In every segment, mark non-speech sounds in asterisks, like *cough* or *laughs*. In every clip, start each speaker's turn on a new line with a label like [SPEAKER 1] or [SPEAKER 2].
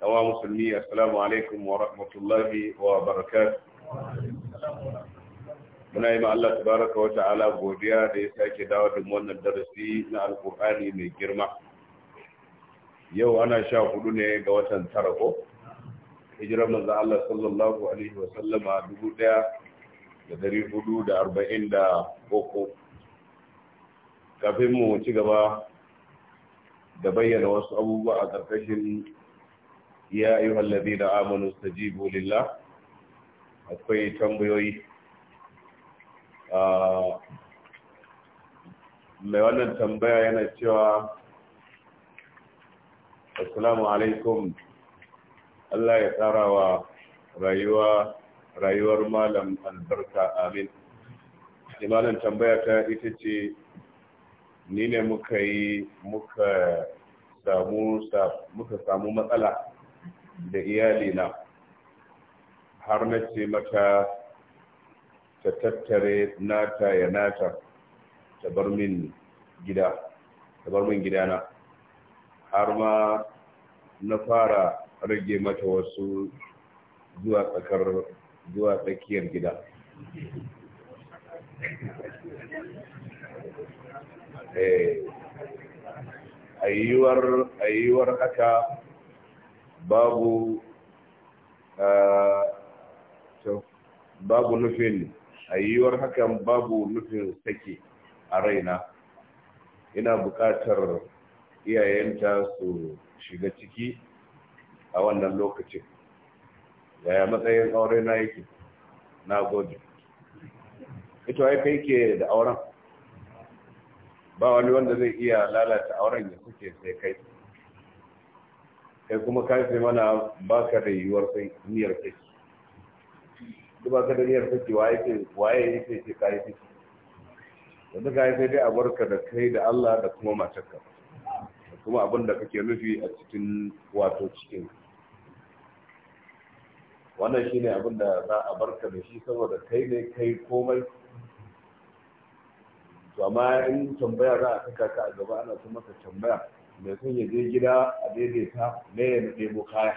[SPEAKER 1] yawa musulmi assalamu alaikum wa rahmatullahi wa muna yi ma Allah tabaraka wa ta'ala godiya da ya sake dawo da wannan darasi na alƙur'ani mai girma yau ana sha hudu ne ga watan tara ko hijirar manzo Allah sallallahu alaihi wa sallama dubu ɗaya da dari hudu da arba'in da uku kafin mu ci gaba da bayyana wasu abubuwa a ƙarƙashin ya ayyuhal ladina amanu stajibu lillah akwai tambayoyi mai wannan tambaya yana cewa assalamu alaikum Allah ya tsara wa rayuwar malam albarka amin imanin tambaya ta ita ce ni ne muka yi muka samu matsala da iyalina har na ce mata ta tattare nata ya nata ta bar min gida ta bar min gidana har ma na fara rage mata wasu zuwa tsakar zuwa tsakiyar gida eh, ayyuwar haka babu babu nufin a yiwuwar hakan babu nufin sake a raina ina buƙatar iyayenta su shiga ciki a wannan lokacin yaya matsayin aure na yake na gode ito ai kai ke da auren ba wani wanda zai iya lalata auren ya kuke sai kai kai kuma ka ce mana ba ka da yiwuwar sai niyyar kake duk ba ka da niyyar kake waye ke waye yake ce ka yi kake yanzu ka yi sai dai a barka da kai da Allah da kuma matarka da kuma abin da kake nufi a cikin wato cikin wannan shine abin da za a barka da shi saboda kai ne kai komai to amma in tambaya za a saka ka a gaba ana kuma ka tambaya da sun ya je gida a daidaita na ya ɗebo kaya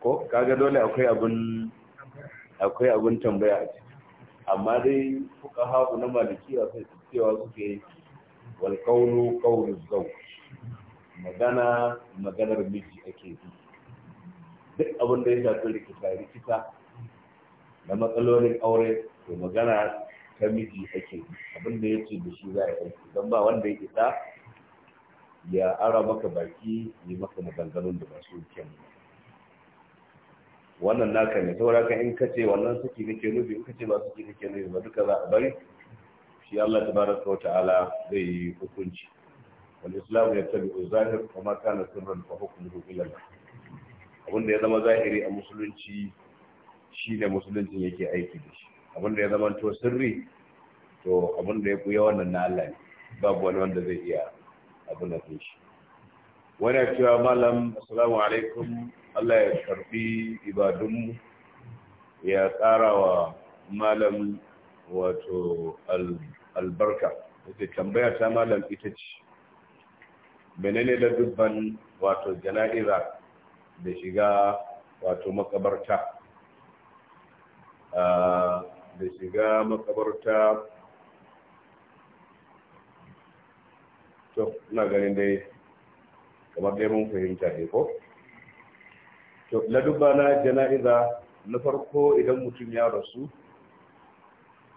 [SPEAKER 1] ko kaga dole akwai abun akwai abun tambaya a ciki amma dai fuka haku na a sai cewa suke walƙaunu ƙaunu zau magana maganar miji ake yi duk abin da ya shafi rikita rikita na matsalolin aure to magana ta miji ake yi abin da ya ce da shi za a yi don ba wanda ya isa ya ara maka baki yi maka maganganun da masu kyan
[SPEAKER 2] wannan naka ne saboda ka in kace wannan
[SPEAKER 1] suke nake nufi in kace ba suke nake nufi ba duka za a bari shi Allah tabaraka ta'ala zai yi hukunci wal ya tabi zahir wa ma kana sirran fa hukmuhu ila Allah abinda ya zama zahiri a musulunci shine musuluncin yake aiki da shi abinda ya zama to sirri to abinda ya buya wannan na Allah ne babu wani wanda zai iya abin da shi wani cewa malam assalamu alaikum Allah ya karfi ibadunmu ya tsara wa malam wato albarka wata tambaya ta malam ita ce menene da dubban wato jana'iza da shiga wato makabarta ah, da shiga makabarta to ina ganin dai kamar dai mun fahimta ne ko to duba na jana'iza na farko idan mutum ya rasu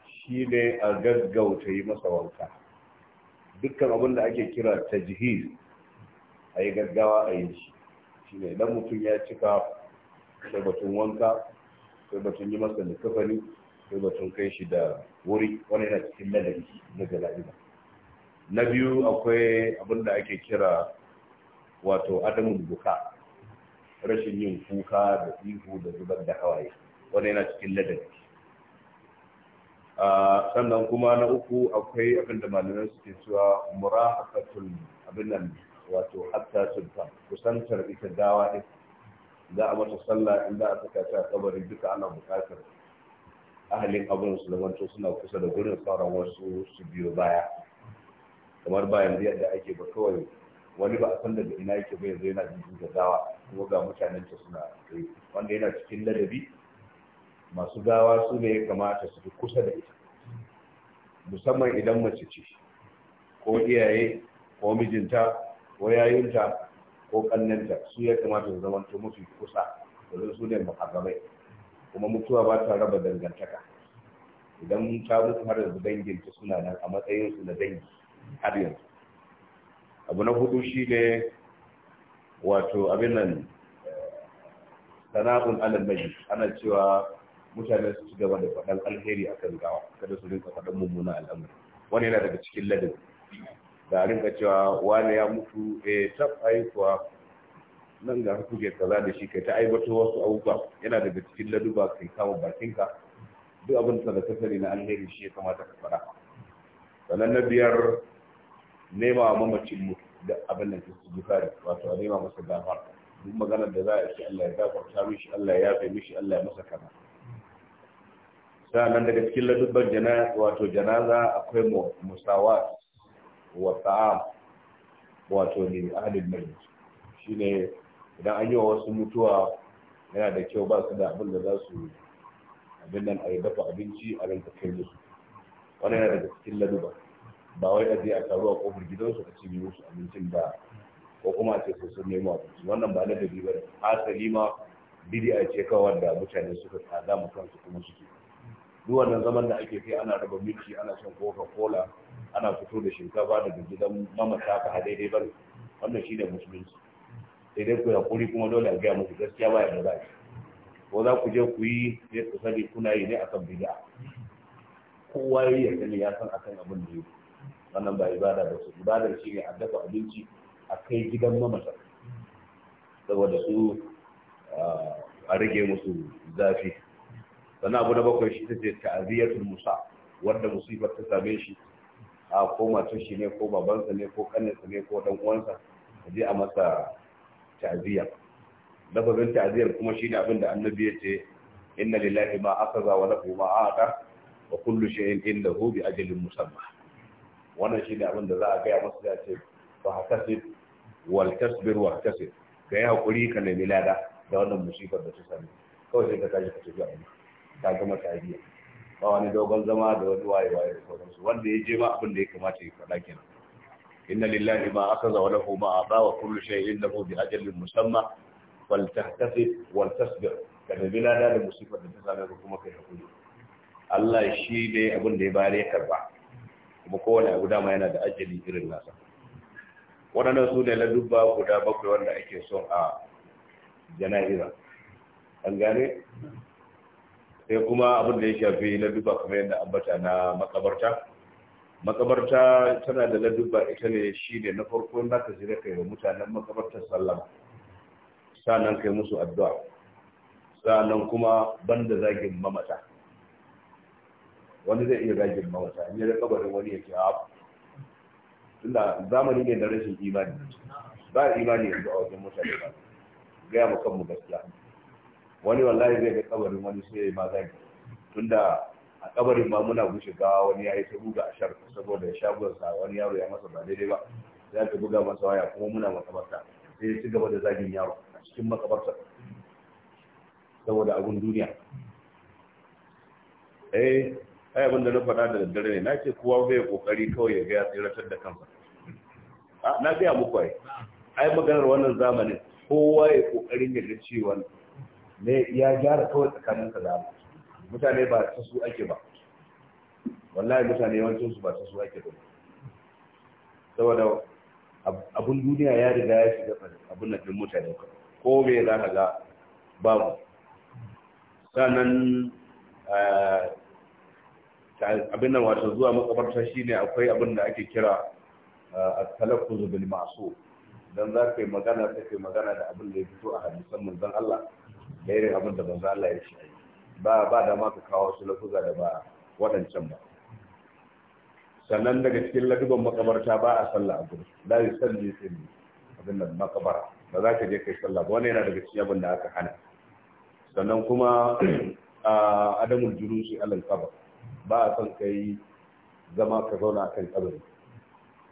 [SPEAKER 1] shi ne a gaggauta yi masa wanka dukkan abin da ake kira tajhiz a yi gaggawa a yi shi shi ne idan mutum ya cika sai batun wanka sai batun yi masa likafani sai batun kai shi da wuri wani yana cikin ladabi na jana'iza na biyu akwai abin da ake kira wato adamun buka rashin yin kuka da ihu da zubar da hawaye wanda yana cikin ladabi ah, sannan kuma na uku akwai abin da malamai suke cewa murahaqatul abin nan wato hatta sultan kusantar ita dawa din za a mata sallah in za a saka ta kabarin duka ana bukatar ahalin abin su zamanto suna kusa da gurin sauran wasu su biyo baya kamar ba yanzu yadda ake ba kawai wani ba a san daga ina yake ba yanzu yana jin gaggawa kuma ga mutanen ta suna kai wanda yana cikin ladabi masu gawa su ne kamata su fi kusa da ita musamman idan mace ce ko iyaye ko mijinta ko yayinta ko kannanta su ya kamata su zama to mafi kusa domin su ne muharramai kuma mutuwa ba ta raba dangantaka idan ta mutu har yanzu danginta suna nan a matsayinsu na dangi har yanzu abu na hudu shi ne wato abin nan sana'un alal ana cewa mutane su ci gaba da faɗan alheri a kan gawa kada su rinka faɗan mummuna al'amari wani yana daga cikin ladin da a rinka cewa wani ya mutu a eh, tab aikuwa nan ga kuke kaza da shi kai ta aibato wasu abubuwa yana daga cikin laduba kai kama bakinka duk abin da ka sani na alheri shi ya kamata ka faɗa sannan na biyar nema wa mamacin mutu da abin da ke su gifari wato a nema masa gafar duk maganar da za a ce Allah ya gafarta mishi Allah ya yafe mishi Allah ya masa kaza nan daga cikin ladubban jana wato janaza akwai musawa wa ta'am wato ne ahlul majlis shine idan an yi wa wasu mutuwa yana da kyau ba su da abin da za su abin nan a yi dafa abinci a ranka kai musu wannan yana daga cikin ladubban ba wai a je a taru a kofar gidansu a cinye musu abincin da ko kuma a ce su sun nemo abinci wannan ba na da ba asali ma a ce kawai wanda mutane suka tsada mu kansu kuma suke duk wannan zaman da ake kai ana raba miki ana shan coca cola ana fito da shinkafa daga gidan mamata ka daidai ba wannan shine musulunci sai dai ku hakuri kuma dole a gaya muku gaskiya ba ya da za ko za ku je ku yi ne ku sani kuna yi ne akan bid'a kowa ya sani ya san akan abin da yake wannan ba ibada ba su ibadar shi ne a dafa abinci a kai gidan mamata saboda su ah, a rage musu zafi sannan abu na bakwai shi ta ce ta'aziyatul musa wanda musibar ta same shi a ko matar shi ne ko babansa ne ko kaninsa ne ko dan uwansa a je a masa ta'aziyya lafazin ta'aziyar kuma shi ne abin da annabi ya ce inna lillahi ma aka wa lahu ma ata wa kullu shay'in indahu bi ajalin musamma wannan shi ne abin da za a gaya musu ya ce fa hakasib wal tasbir wa hakasib ka yi hakuri ka nemi lada da wannan musibar da ta sami kawai sai ka tashi ka tafi abin ka gama tariya ba wani dogon zama da wani waye waye da sauransu wanda ya je ma abin da ya kamata ya faɗa kenan inna lillahi ma akaza wa lahu ma ata wa kullu inda lahu bi ajalin musamma wal tahtasib wal tasbir ka nemi lada da musibar da ta same ka kuma ka yi hakuri Allah shi ne abin da ya bayar ya karba kuma kowane guda ma yana da ajali irin nasa waɗannan su ne ladubba guda bakwai wanda ake son a jana'iza an gane sai kuma abin da ya shafi ladubba kuma yadda ambata na makabarta makabarta tana da ladubba ita ne shi ne na farko na ka zira kai wa mutanen makabartar sa sa'annan kai musu addu'a sa'annan kuma banda zagin mamata wani zai iya gajin mawata in da kabarin wani ya ce a da zamani ne na rashin imani ba imani yanzu a wajen mutane ba gaya mu kanmu gaskiya
[SPEAKER 2] wani wallahi zai ga
[SPEAKER 1] kabarin wani sai ya yi mazagi tunda a kabarin ma muna gushe gawa wani ya yi ta buga a shar saboda ya shagonsa wani yaro ya masa ba daidai ba za ta buga masa waya kuma muna makabarta sai ya ci gaba da zagin yaro a cikin makabarta saboda abun duniya eh ai abin da na faɗa da daddare ne na ce kowa bai kokari kawai ya ga ya tsiratar da kansa na gaya muku ai ai maganar wannan zamanin kowa ya kokari ya ga cewa ne ya gyara kawai tsakanin sa da mutane ba ta su ake ba wallahi mutane yawancin su ba ta su ake ba saboda abun duniya ya riga ya shiga abun nan din mutane ko me za ka ga babu sanan eh, abin nan wato zuwa makabarta shine akwai abin da ake kira eh, at-talaffuz bil ma'su dan za magana sai magana da abin da ya fito a hadisan manzon Allah da irin abin da manzon Allah ya ce ba ba da ma ka kawo su lafuza da ba wadancan ba sannan daga cikin laduban makabarta ba a sallah a gurin da yi salli salli abin nan makabara ba za ka je kai sallah ba wannan yana daga cikin abin da aka hana sannan kuma *clears throat* a adamul julusi alal qabr ba a son ka yi zama ka zauna kan kabari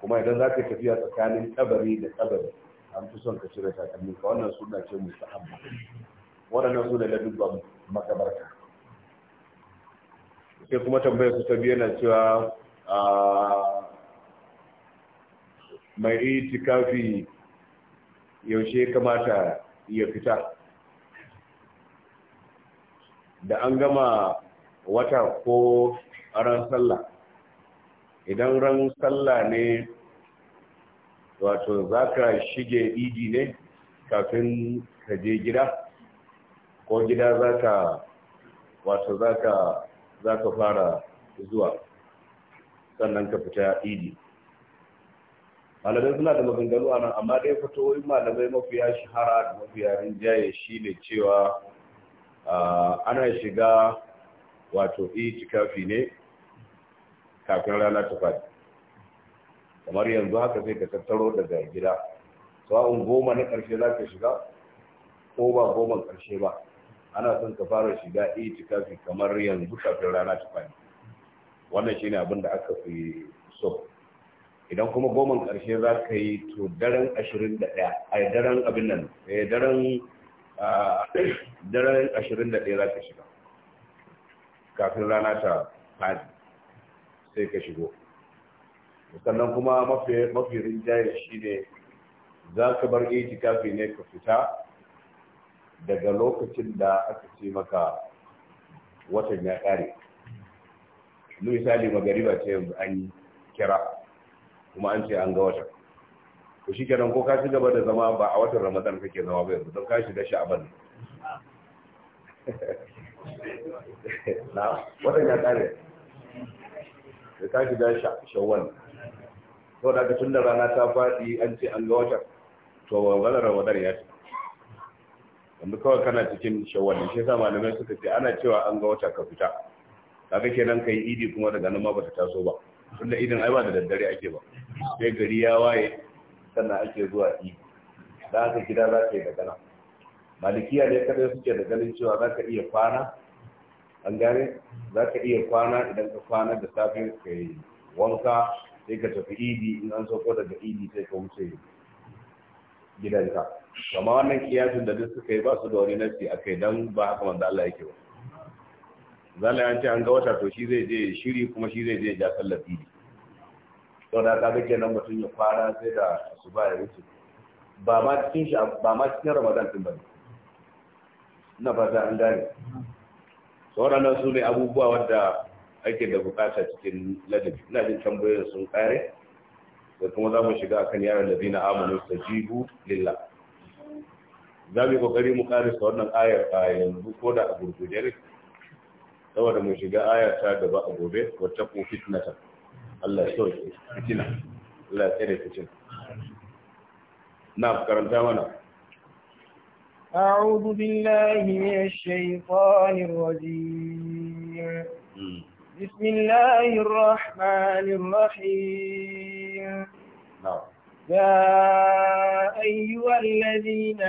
[SPEAKER 1] kuma idan za ka tafiya tsakanin kabari da kabari an fi son ka cire takalmi ka wannan suna ce musu amma waɗannan su da ladubban makabarta sai kuma tambayar su ta biyu na cewa mai itikafi yaushe kamata ya fita da an gama wata ko a ran sallah idan ran sallah ne wato za ka shige idi ne kafin ka je gida ko gida za ka wato za ka fara zuwa sannan ka fita idi malamai suna da maganganu a nan amma dai wani malamai mafiya shahara da mafiya rinjaye shi ne cewa ah, ana shiga wato itikafi ne kafin rana ta faɗi kamar yanzu haka sai ka tattaro daga gida sawa'un goma na ƙarshe za ka shiga ko ba goman ƙarshe ba ana son ka fara shiga itikafi kamar yanzu kafin rana ta faɗi wannan shine abin da aka fi so idan kuma goman ƙarshe za ka yi to daren ashirin da ɗaya a daren abin nan eh daren daren ashirin da ɗaya za ka shiga kafin rana ta faɗi sai ka shigo sannan kuma mafi rinjaye shi ne za ka bar itikafi ne ka fita daga lokacin da aka ce maka watan ya ƙare nu misali magariba ce yanzu an yi kira kuma an ce an ga watan Ku shi kenan ko ka ci gaba da zama ba a watan ramadan kake zama ba yanzu don ka shiga sha'aban *laughs* na watan ya ƙare da ta shiga shawwal to da tun da rana ta faɗi an ce an ga wata to wannan ramadan ya ce wanda kawai kana cikin shawwal shi yasa malamai suka ce ana cewa an ga wata ka fita kaga kenan kai idi kuma daga nan ma ba ta taso ba tunda idin ai ba da daddare ake ba sai gari ya waye sannan ake zuwa idi da aka gida za ka yi daga nan malikiya ne kada suke da ganin cewa za ka iya kwana an gane za ka iya kwana idan ka kwana da safe ka yi wanka sai ka tafi idi in an sauko daga idi sai ka wuce gidanka kama wannan kiyasin da duk suka yi ba su da wani nafi a kai don ba haka manzo Allah yake ba zalla ya ce an ga wata to shi zai je shiri kuma shi zai je ja sallar idi sau da kaga kenan mutum ya fara sai da su ba ya wuce ba ma cikin ramadan din ba ne na ba za an gane so waɗannan su ne abubuwa wadda ake da bukata cikin ladabi ina jin tambayoyin sun kare da kuma za mu shiga akan yaran da zina amanu ta jihu lillah za mu yi kokari mu kare sa wannan ayar a yanzu ko da a gurguje saboda mu shiga ayar ta gaba a gobe wata ko fitnata Allah ya sauke fitina Allah ya tsere fitina na karanta mana
[SPEAKER 2] أعوذ بالله من الشيطان الرجيم بسم الله الرحمن الرحيم نعم. يا أيها الذين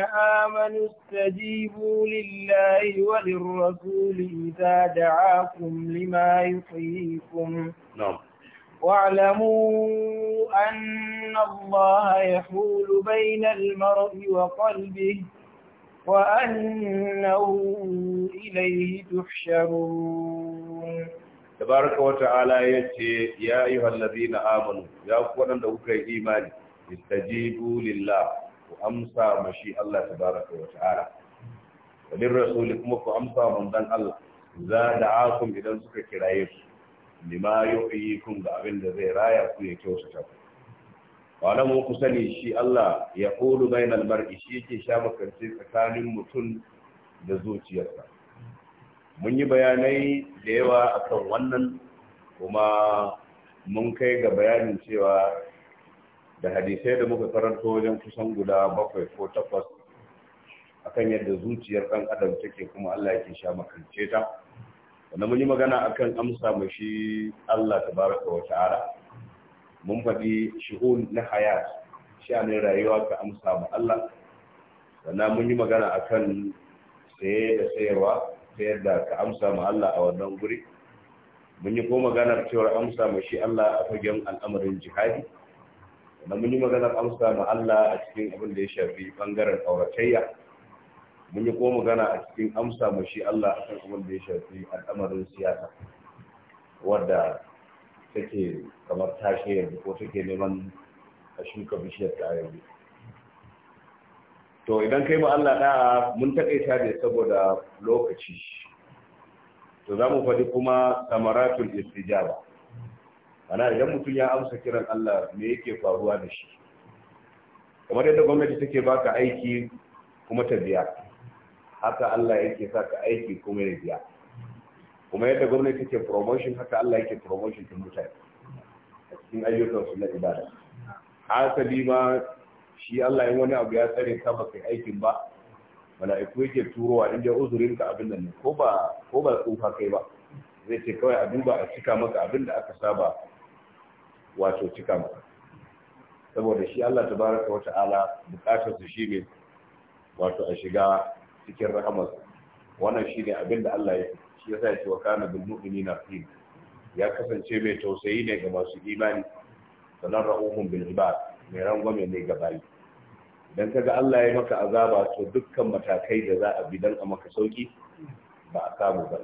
[SPEAKER 2] آمنوا استجيبوا لله وللرسول إذا دعاكم لما يحييكم نعم واعلموا أن الله يحول بين المرء وقلبه وأنه إليه تحشرون
[SPEAKER 1] تبارك وتعالى يتي يا أيها الذين آمنوا يا أخوانا لك إيمان استجيبوا لله وأمسى مشي الله تبارك وتعالى وللرسول كما فأمسى من دان الله إذا دعاكم إذا سكر كرايس لما يحييكم دعوين ذي رايا كي يكيوسكم wala mu ku sani shi Allah ya qulu bainal mar'i shi yake sha makance tsakanin mutum da zuciyarsa mun yi bayanai da yawa akan wannan kuma mun kai ga bayanin cewa da hadisai da muka karanto wajen kusan guda bakwai ko takwas akan yadda zuciyar ɗan adam take kuma Allah yake sha makance ta wannan mun yi magana akan amsa shi Allah tabaraka wa ta'ala mun faɗi shuhun na hayat sha'anin rayuwa ka amsa ma Allah sannan mun yi magana akan saye da sayarwa ta yadda ka amsa ma Allah a wannan guri mun yi kuma maganar cewar amsa ma shi Allah a fagen al'amarin jihadi sannan mun yi maganar amsa ma Allah a cikin abin da ya shafi bangaren auratayya mun yi kuma magana a cikin amsa ma shi Allah a kan abin da ya shafi al'amarin siyasa wadda take kamar tashe yanzu ko take neman a shuka bishiyar ta yanzu to idan kai ma Allah da mun takaita ne saboda lokaci to za mu faɗi kuma samaratul istijaba ana idan mutum ya amsa kiran Allah me yake faruwa da shi kamar yadda gwamnati take baka aiki kuma ta biya haka Allah yake saka aiki kuma ya biya kuma yadda gwamnati ke promotion haka Allah yake promotion ta mutane a cikin ayyukan su na ibada hasali ma shi Allah yin wani abu ya tsare ka baka aikin ba mala'iku yake turowa in dai uzurin ka abin nan ko ba ko ba tsufa kai ba zai ce kawai a duba a cika maka abin da aka saba wato cika maka saboda shi Allah tabaraka wata'ala bukatar su shine wato a shiga cikin rahamar wannan shine abin da Allah ya yi shi yasa yake wa kana bil mu'minina rahim ya kasance mai tausayi ne ga masu imani sanan ra'uhum bil ibad mai rangwame ne ga bayi idan kaga Allah ya maka azaba to dukkan matakai da za a bi dan a maka sauki ba a samu ba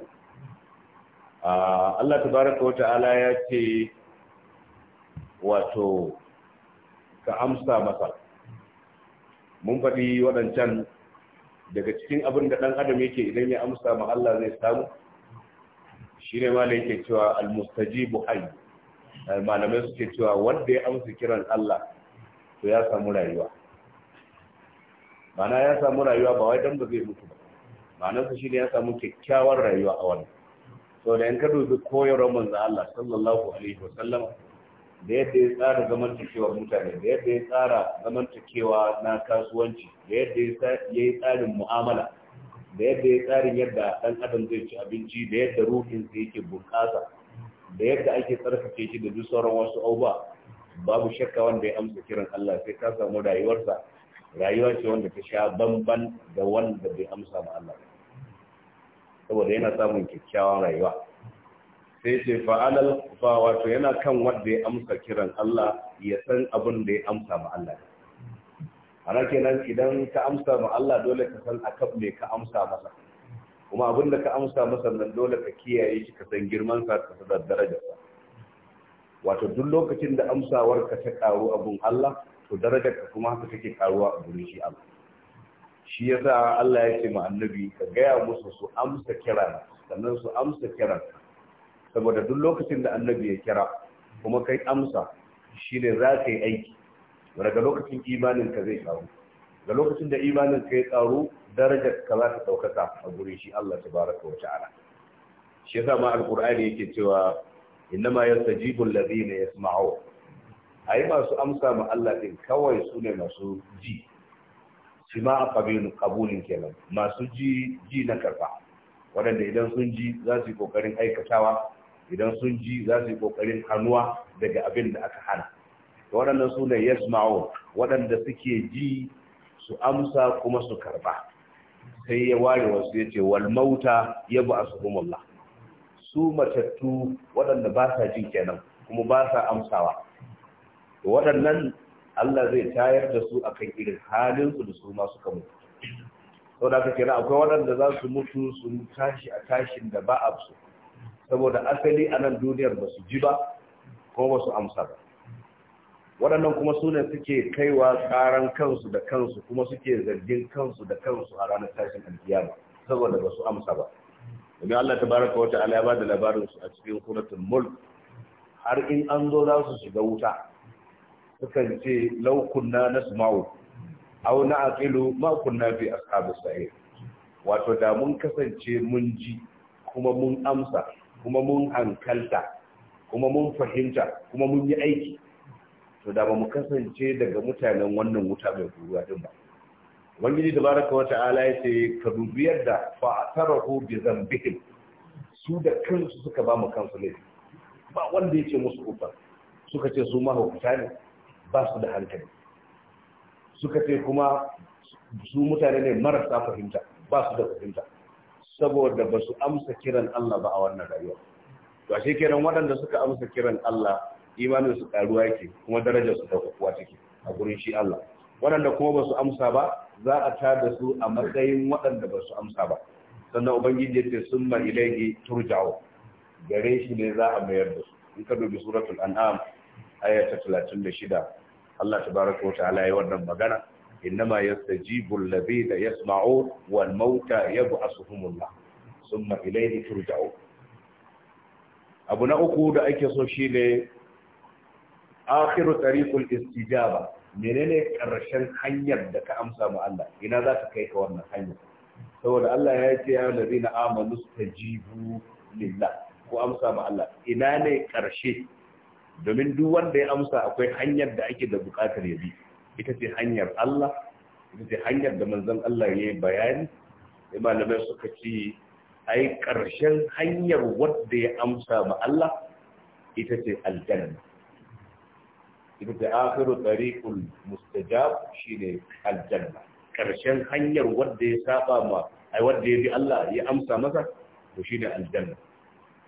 [SPEAKER 1] Allah tabaraka wa ta'ala ya ce wato ka amsa masa mun faɗi waɗancan daga cikin abin da ɗan adam yake idan ya amsa ma Allah zai samu shi ne ma da yake cewa almustajibu hayy eh, malamai suke cewa wanda ya amsa kiran Allah to ya samu rayuwa mana ya samu rayuwa ba wai dan ba zai mutu ba ma'anar su shine ya samu kyakkyawar rayuwa a wannan so da yanka dubi koyarwar manzo Allah sallallahu alaihi wa sallam da yadda ya tsara zamantakewar mutane da yadda ya tsara zamantakewa na kasuwanci da yadda ya yi tsarin mu'amala da yadda ya tsarin yadda ɗan adam zai ci abinci da yadda ruhin sa yake bunƙasa da yadda ake tsarkake shi da duk sauran wasu abubuwa babu shakka wanda ya amsa kiran Allah sai ka samu rayuwarsa rayuwa ce wanda ta sha bamban da wanda bai amsa ma Allah saboda yana samun kyakkyawan rayuwa sai ce fa'alal fa wato yana kan wanda ya amsa kiran Allah ya san abin da ya amsa ma Allah ana kenan idan ka amsa ma Allah dole ka san akan me ka amsa masa kuma abin da ka amsa masa nan dole ka kiyaye shi ka san girman sa ka san darajar sa wato duk lokacin da amsawar ka ta karu abun Allah to darajar ka kuma haka take karuwa a gurin shi Allah shi yasa Allah ya ce ma annabi ka gaya musu su amsa kira sannan su amsa kira saboda duk lokacin da annabi ya kira kuma kai amsa shine za ka yi aiki daga lokacin imanin ka zai karu da lokacin da imanin ka ya karu darajar ka za ta daukaka a gurin shi Allah Ta baraka wa ta'ala shi yasa ma alqur'ani yake cewa innama yastajibu alladhina yasma'u ai masu amsa ma Allah din kawai su ne masu ji shi ma qabilun qabulin kenan masu ji ji na karfa waɗanda idan sun ji za su yi kokarin aikatawa idan sun ji za su yi kokarin hannuwa daga abin da aka hana waɗannan su ne yasma'u waɗanda suke ji su amsa kuma su karba sai ya ware wasu ya ce wal mauta ya ba su Allah su matattu waɗanda ba sa ji kenan kuma ba sa amsawa waɗannan Allah zai tayar da su akan irin halin su da su ma suka mutu sau da kake akwai waɗanda za su mutu su tashi a tashin da ba a su saboda asali a nan duniyar ba su ji ba ko ba su amsa ba waɗannan kuma su suke kaiwa tsaran kansu da kansu kuma suke zargin kansu da kansu a ranar tashin alkiyama saboda ba su amsa ba domin Allah Ta baraka wata alaba da labarin su a cikin suratul mulk har in an zo za su shiga wuta
[SPEAKER 2] sukan ce
[SPEAKER 1] law kunna nasma'u aw na'qilu ma kunna fi ashabu sa'ir wato da mun kasance mun ji kuma mun amsa kuma mun hankalta kuma mun fahimta kuma mun yi aiki to da ba mu kasance daga mutanen wannan wuta mai ruwa din ba da baraka wa ta'ala ya ce ka dubi yadda fa ko bi zambihim su da kansu suka ba mu kansu ne ba wanda ya ce musu ufa suka ce su mahaukuta ne ba su da hankali suka ce kuma su mutane ne marasa fahimta ba su da fahimta saboda ba su amsa kiran Allah ba a wannan rayuwa to ashe kenan waɗanda suka amsa kiran Allah imanin su karuwa yake kuma darajar su ta kuwa take a gurin shi Allah waɗanda kuma ba su amsa ba za a tada su a matsayin waɗanda ba su amsa ba sannan ubangiji ya ce sun ma ilaihi turja'u gare shi ne za a mayar da su in ka dubi suratul an'am aya ta 36 Allah tabaraka wa ta'ala ya wannan magana innama yastajibu alladhina yasmau wal mauta yab'asuhumullah summa ilaihi turja'u abu na uku da ake so shine akhiru tariqul istijaba menene karshen hanyar da ka amsa ma Allah ina za ka kai ka wannan hanyar saboda Allah ya ce ya ladina amanu stajibu lillah ko amsa ma Allah ina ne karshe domin duk wanda ya amsa akwai hanyar da ake da bukatar ya bi ita ce hanyar Allah ita ce hanyar da manzon Allah ya yi bayani sai malamai suka ce ai karshen hanyar wanda ya amsa ma Allah ita ce aljanna ibda akhiru tariqul mustajab ne aljanna karshen hanyar wanda ya saba ma ai wanda ya bi Allah ya amsa masa to ne aljanna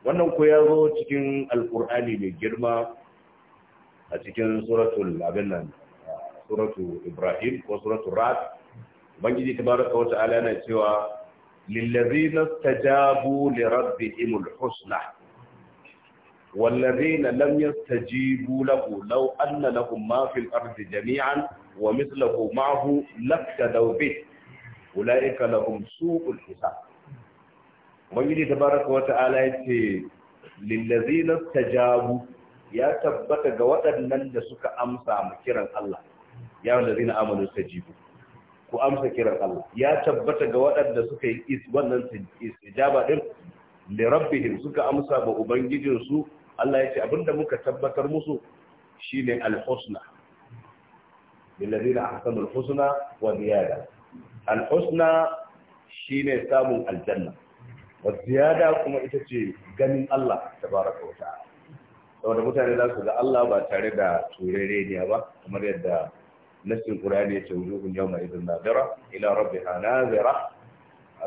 [SPEAKER 1] wannan ko ya zo cikin alƙur'ani mai girma a cikin suratul abin nan suratul ibrahim ko suratul rad ubangiji tabaraka wa ta'ala yana cewa lillazina stajabu li rabbihimul husna والذين لم يستجيبوا له لو أن لهم ما في الأرض جميعا ومثله معه لفتدوا به أولئك لهم سوء الحساب ومجد تبارك وتعالى للذين استجابوا يا تبت جوات من دسك أمس مكرا الله يا الذين آمنوا استجيبوا ku amsa kiran Allah ya tabbata ga waɗanda suka yi is wannan istijaba din
[SPEAKER 2] li rabbihim
[SPEAKER 1] suka amsa ba ubangijinsu Allah ya ce abinda muka tabbatar musu shine al-husna lillazina ahsanu al-husna wa ziyada shine samun aljanna wa ziyada kuma ita ce ganin Allah tabaraka wa ta'ala da mutane za su ga Allah ba tare da turereniya ba kamar yadda nassin Qur'ani ya ce wujuhun yawma idhin nadira ila rabbiha nadira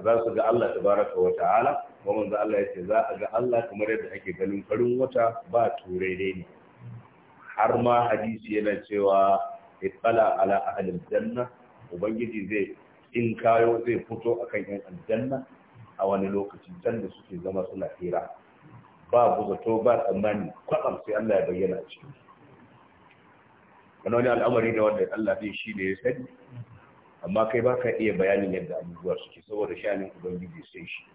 [SPEAKER 1] za su ga Allah tabaraka wa ta'ala kuma manzo Allah ya ce za a ga Allah kamar yadda ake ganin farin wata ba turai dai ne har ma hadisi yana cewa ittala ala ahlil janna ubangiji zai in kayo zai fito akan yan aljanna a wani lokaci can da suke zama suna hira ba guzato ba tsammani kwatsam sai Allah ya bayyana a cikin wani al'amari da wanda Allah zai shi da ya sani amma kai ba ka iya bayanin yadda abubuwa suke saboda shanin ubangiji sai shi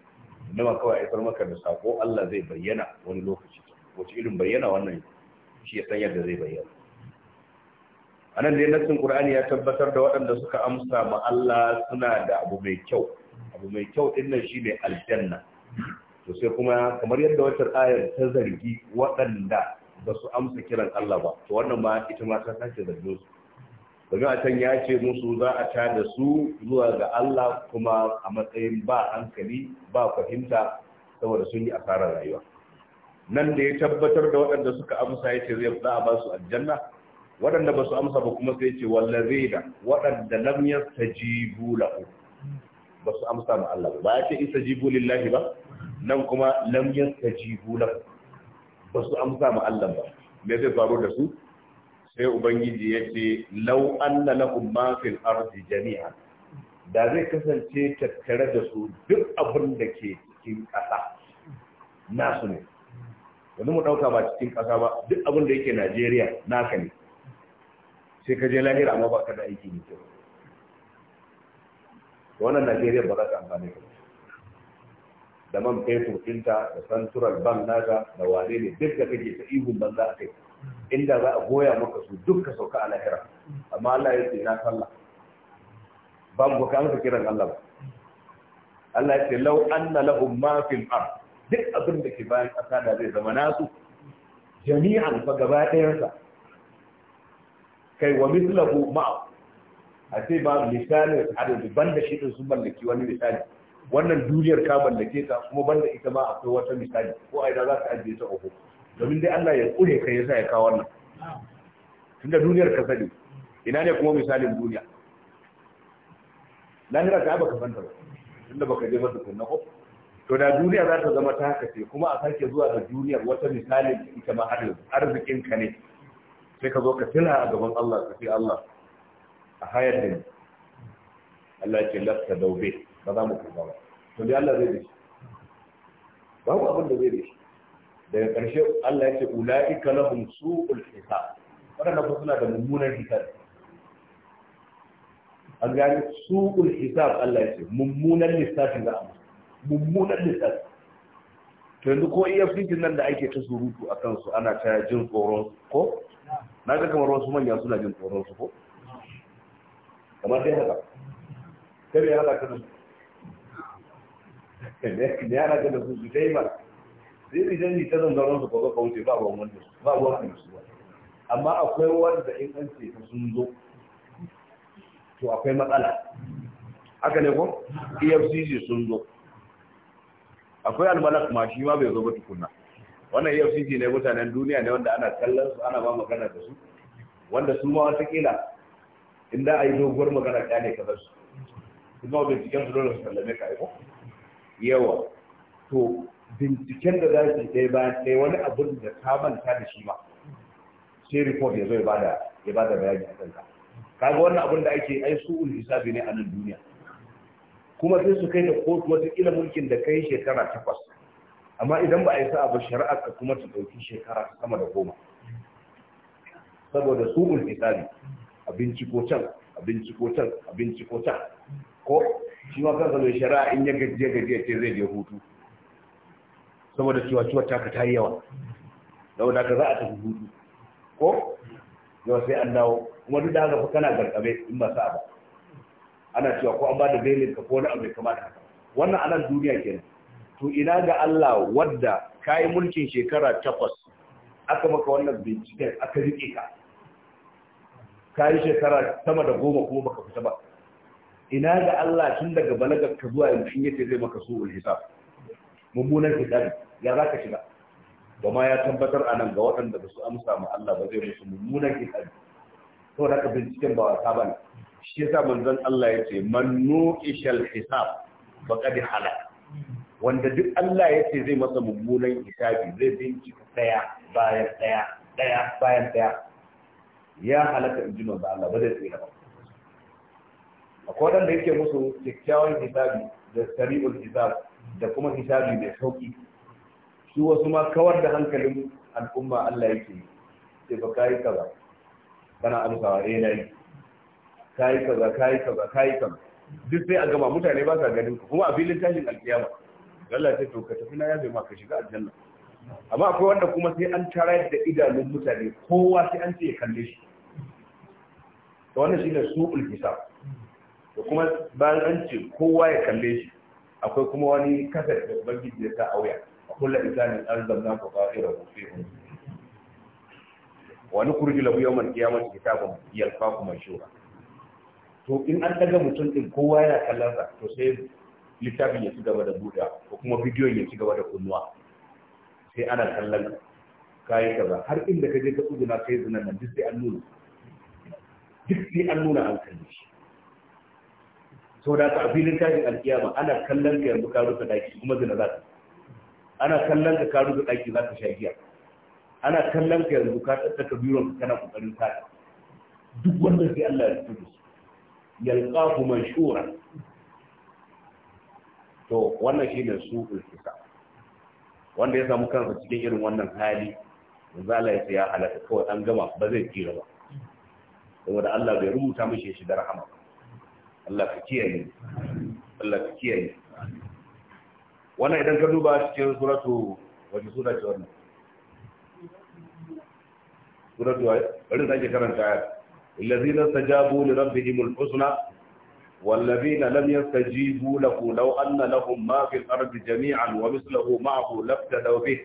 [SPEAKER 1] nama kawai isar maka da sako Allah zai bayyana wani lokaci wace irin bayyana wannan shi ya san yadda zai bayyana a nan dai nassin qur'ani ya tabbatar da waɗanda suka amsa ma Allah suna da abu mai kyau abu mai kyau din nan shine aljanna to sai kuma kamar yadda wata ayar ta zargi waɗanda ba su amsa kiran Allah ba to wannan ma ita ma ta sake zargin domin can ya ce musu za a ta da su zuwa ga Allah kuma a matsayin ba hankali ba fahimta saboda sun yi asarar rayuwa nan da ya tabbatar da waɗanda suka amsa ya ce zai za a ba su aljanna waɗanda ba su amsa ba kuma sai ce zai da waɗanda lam yastajibu lahu ba su amsa ma Allah ba ya ce istajibu lillahi ba nan kuma lam yastajibu lahu ba su amsa ma Allah ba me zai faru da su sai ubangiji ya ce lau an na na umarfin ardi jami'a da zai kasance tattare da su duk abin da ke cikin ƙasa nasu ne wani mu ɗauka ba cikin kasa ba duk abin da yake Najeriya naka ne sai ka je lahira amma ba ka da aiki ne kyau wannan Najeriya ba za ta amfani ka da man fetur ɗinta da central bank naka da wane ne duk da kake ta ihun banza a kai inda za a goya maka su duk ka sauka a lahira amma Allah ya ce na sallah ba mu ka amsa kiran Allah ba Allah ya ce law anna lahum ma fil ard duk abin da ke bayan ƙasa da zai zama nasu jami'an fa gaba ɗayansa kai wa mislahu ma a ce ba misali misalin da banda shi din sun mallaki wani misali wannan duniyar ka mallake ta kuma banda ita ma akwai wata misali ko a ina za ka ajiye ta oho domin dai Allah ya kure ka yasa ya kawo wannan tunda duniyar ka sani ina ne kuma misalin duniya lahira ka baka fanta ba tunda baka je ba tukunna ko to da duniya za ta zama ta haka ce kuma a sake zuwa da duniyar wata misalin ita ma arzikin ka ne sai ka zo ka tuna a gaban Allah ka ce Allah a hayar da ni Allah ce lafta daube ba za mu kuma ba to dai Allah zai da babu abin da zai da daga ƙarshe Allah ya ce ula'ika lahum su'ul hisab waɗanda ko suna da mummunan hisab an ga su'ul hisab Allah ya ce mummunan lissafi ga a musu mummunan lissafi to yanzu ko EFCC nan da ake ta surutu a su ana ta jin tsoron ko na ga kamar wasu manya suna jin tsoron su ko kamar dai haka kare ya haka da su ne *laughs* ya haka da su dai ba. sai zai yi ta zan zaron su ko ka wuce ba ruwan wanda ba ruwan su ba amma akwai wanda in an ce ta sun zo to akwai matsala haka ne ko efcc sun zo akwai almalak ma shi ma bai zo ba tukunna wannan efcc ne mutanen duniya ne wanda ana kallon su ana ba magana da su wanda su ma watakila in da a yi doguwar magana ɗaya ne kasar su kuma binciken su dole su kallame ka ko yawa to binciken da za su ɗaya bayan ɗaya wani abin da ta manta da shi ba sai report ya zo ya bada ya bada bayani a kanka kaga wannan abin da ake ai su ul hisabi ne a nan duniya kuma sai su kai da kotu wata ila mulkin da kai shekara takwas amma idan ba a yi sa'a ba shari'ar ka kuma ta ɗauki shekara sama da goma saboda su ul hisabi a binciko can a binciko can a binciko can ko shi ma kansa mai shari'a in ya gajiya gajiya ce zai je hutu saboda cewa ciwon taka ta yi yawa Da ka za a tafi hudu ko yau sai an dawo kuma duk da haka kana gargabe in ba sa ba ana cewa ko an ba da bailin ka ko wani abu kama haka wannan anan duniya kenan to ina ga Allah wadda kai mulkin shekara takwas aka maka wannan binciken aka rike ka kayi shekara sama da goma kuma baka fita ba ina ga Allah tun daga balagar ka zuwa yanzu yace zai maka su'ul hisab mummunan hisabi ya za ka shiga Gama ya tabbatar anan ga waɗanda ba su amsa ma Allah ba zai musu mummunan hisabi to da ka binciken ba wasa ba ne shi yasa manzon Allah ya ce man nuqishal hisab faqad halak wanda duk Allah ya ce zai masa mummunan hisabi zai bincika daya bayan daya daya bayan daya ya halaka in ji manzon Allah ba zai tsira ba akwai waɗanda yake musu kyakkyawan hisabi da sari'ul hisab da kuma hisabi mai sauƙi. su wasu ma kawar da hankalin al'umma Allah yake ce ba kayi kaza kana amsawa eh nayi kayi kaza kayi kaza kayi kaza duk sai a gama mutane ba sa ganin ku kuma a filin tashin alkiyama Allah ta to ka tafi na yabe ma ka shiga aljanna amma akwai wanda kuma sai an tara da idanun mutane kowa sai an ce ya kalle shi to wannan shine su hisab da kuma bayan an ce kowa ya kalle shi akwai kuma wani kasar da bangiji ya sa auya كل إنسان ألزمناه طائره فيهم ونخرج wani يوم القيامة yawmal يلقاه kitabun to in an daga mutum din kowa yana kallon sa to sai littafin ya ci gaba da buɗa, ko kuma bidiyon ya ci gaba da kunnuwa sai ana kallon kayi kaza har inda ka je ka tsuguna kai zinan nan duk sai an nuna duk sai an nuna an kalle shi sau da ka a filin tashin alkiyama ana kallon ka yanzu ka rufe daki kuma zina za ka ana kallon ka ka rufe ɗaki za ka sha giya ana kallon ka yanzu ka tsattaka biron ka kana kokarin ka duk wanda sai Allah ya fito su yalqahu manshura to wannan shine su ulfisa wanda ya samu kansa cikin irin wannan hali yanzu Allah ya ya halaka kawai an gama ba zai tsira ba saboda Allah bai rubuta mishi shi da rahama Allah ka kiyaye Allah ka kiyaye wannan idan ka duba cikin suratu wace sura ce wannan suratu rin da ake karanta ayar الذين استجابوا لربهم الحسنى والذين لم يستجيبوا له لو أن لهم ما في الأرض جميعا ومثله معه لابتدوا به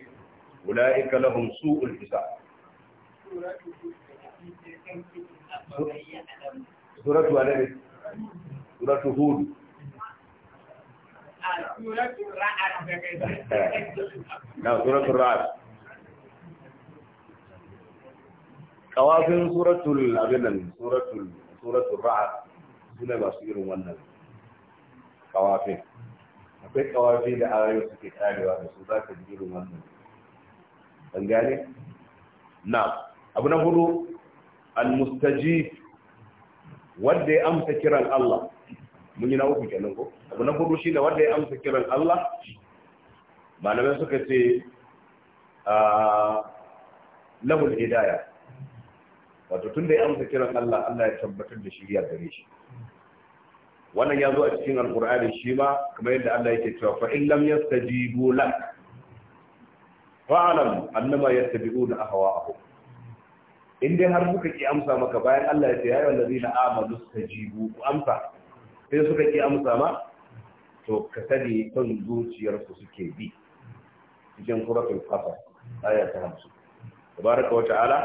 [SPEAKER 1] أولئك لهم سوء الحساب سورة هود na suratul ra'ad kawafin suratul abinan suratul suratul ra'ad masu irin wannan kawafin akwai kawafi da arewa suke karewa da su za ka ji irin wannan an gane na abu na hudu al-mustajib wanda ya amsa kiran Allah mun yi na uku kenan ko abu na hudu shine wanda ya amsa kiran Allah malamai suka ce ah, lahul hidaya wato tun da ya amsa kiran Allah Allah ya tabbatar da shirya gare shi wannan ya zo a cikin alkur'ani shi ma kamar yadda Allah yake cewa fa in lam yastajibu lak fa'lam annama yattabi'una ahwa'ahum in dai har muka ki amsa maka bayan Allah ya ce ya ayyuhal ladina amanu istajibu ku amsa sai suka ki amsa ma to ka sani son zuciyarsu suke bi cikin suratul qasas aya ta 50 tabaraka wata'ala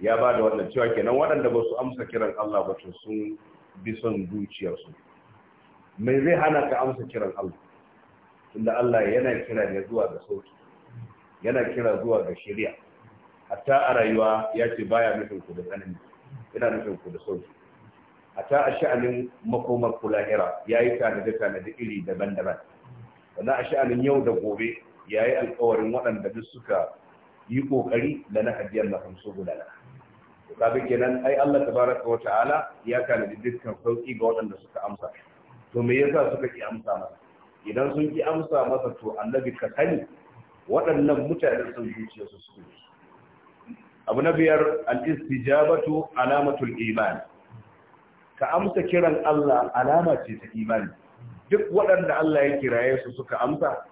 [SPEAKER 1] ya ba da wannan cewa kenan waɗanda ba su amsa kiran Allah ba to sun bi son zuciyarsu Me zai hana ka amsa kiran Allah tunda Allah yana kira ne zuwa ga sauki yana kira zuwa ga shari'a hatta a rayuwa ya ce baya nufin ku da tsanani yana nufin ku da sauki Hata a sha'anin makomar kulahira ya yi tanade-tanade iri daban-daban sannan a sha'anin yau da gobe ya yi alkawarin waɗanda duk suka yi ƙoƙari da na ajiyar na hamsu gudana kaga kenan ai Allah tabaraka wa ta'ala ya tanadi dukkan sauki ga waɗanda suka amsa to me yasa suka ki amsa masa idan sun ki amsa masa to annabi ka sani waɗannan mutane sun zuciyarsu su abu na biyar al-istijabatu alamatul iman ka amsa kiran Allah alama ce ta imani duk waɗanda Allah ya kiraye su suka amsa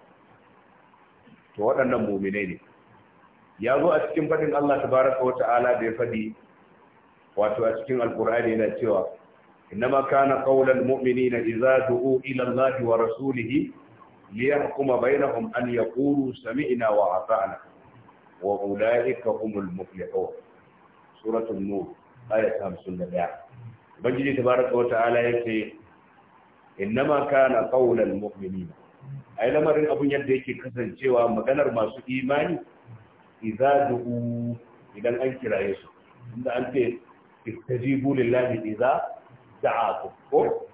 [SPEAKER 1] to waɗannan mu'minai ne ya zo a cikin fadin Allah tabaraka wa ta'ala da ya fadi wato a cikin alqur'ani yana cewa innama kana qawlan mu'minina idza du'u ila Allah wa rasulihi liyahkuma bainahum an yaqulu sami'na wa ata'na wa ulaika humul muflihun suratul nur ayat 51 ubangiji tabaraka wata'ala yace innama kana qawlal mu'minin ai lamarin abun yadda yake kasancewa maganar masu imani idza du'u idan an kiraye su inda an ce istajibu lillahi idza da'akum ko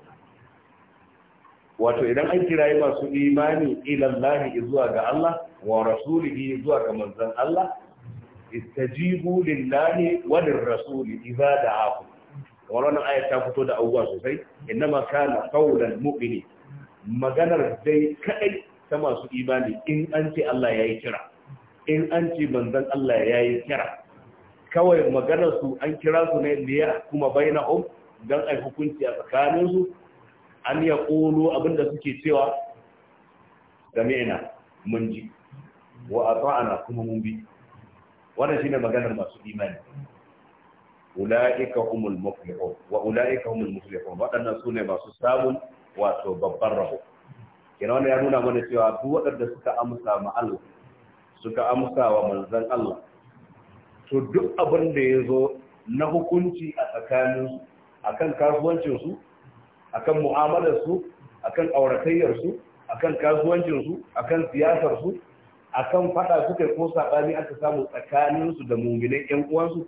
[SPEAKER 1] wato idan an kiraye masu imani ila Allah zuwa ga Allah wa rasulihi zuwa ga manzon Allah istajibu lillahi wa lirrasuli idza da'akum wannan ayat ta fito da abubuwa sosai ma kana qaulan mu'mini maganar dai kadai ta masu imani in an ce Allah yayi kira in an ce banzan Allah yayi kira kawai maganar su an kira su ne liya kuma bainahum dan ai hukunci a tsakanin su an ya kulu abinda suke cewa sami'na mun ji wa ata'ana kuma mun bi wannan shine maganar masu imani ulaika humul muflihu wa ulaika humul sune masu samun wato babban rabo kina wannan ya nuna mana cewa duk waɗanda suka amsa ma Allah suka amsa wa manzon Allah to duk abin da zo na hukunci a su akan kasuwancinsu akan mu'amalarsu akan auratayyarsu akan kasuwancinsu akan siyasar su akan fada suka ko sabani aka samu tsakaninsu da mu'minan ƴan uwansu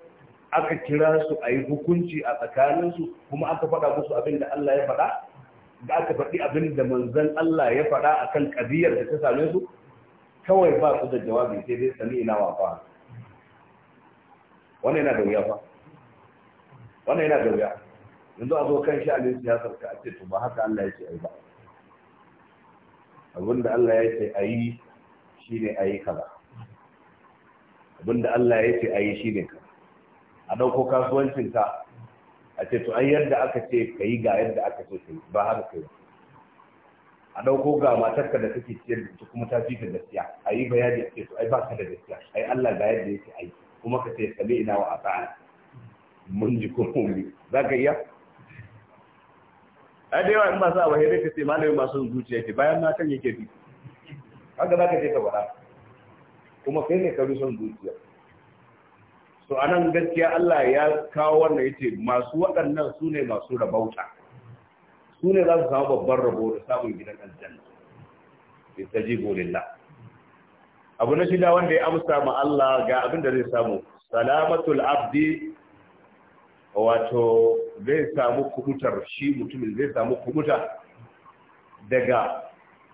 [SPEAKER 1] aka kira su a yi hukunci a tsakaninsu kuma aka faɗa musu abin da Allah ya faɗa da aka faɗi abin da manzan Allah ya faɗa a kan ƙabiyar da ta same su kawai ba su da jawabi sai dai sami ina wa fa wannan yana da wuya fa wannan yana da wuya yanzu a zo kan sha'anin siyasar ka a ce to ba haka Allah ya ce ai ba abin da Allah ya ce ayi shine ayi kaza abin da Allah ya ce ayi shine kaza a ɗauko kasuwancinka a ce to an yadda aka ce ka yi ga yadda aka ce ka yi ba har ka yi a ɗauko ga matarka da kake ciyar da ita kuma ta fi ka gaskiya a yi bayani a ce to ai ba ka da gaskiya ai Allah ga yadda yake ai kuma ka ce sami ina wa asana mun ji kuma mun za ka iya A da yawa in ba sa ba sai ka ce malami masu zuciya ke bayan matan yake bi haka za ka ce ka bara kuma kai ne ka bi son zuciya so anan gaskiya Allah ya kawo wannan yace masu waɗannan su ne masu rabauta su ne za su samu babban rabo da samun gidan aljanna istajibu lillah abu na shida wanda ya amsa ma Allah ga abin da zai samu salamatul abdi wato zai samu kubutar shi mutumin zai samu kubuta daga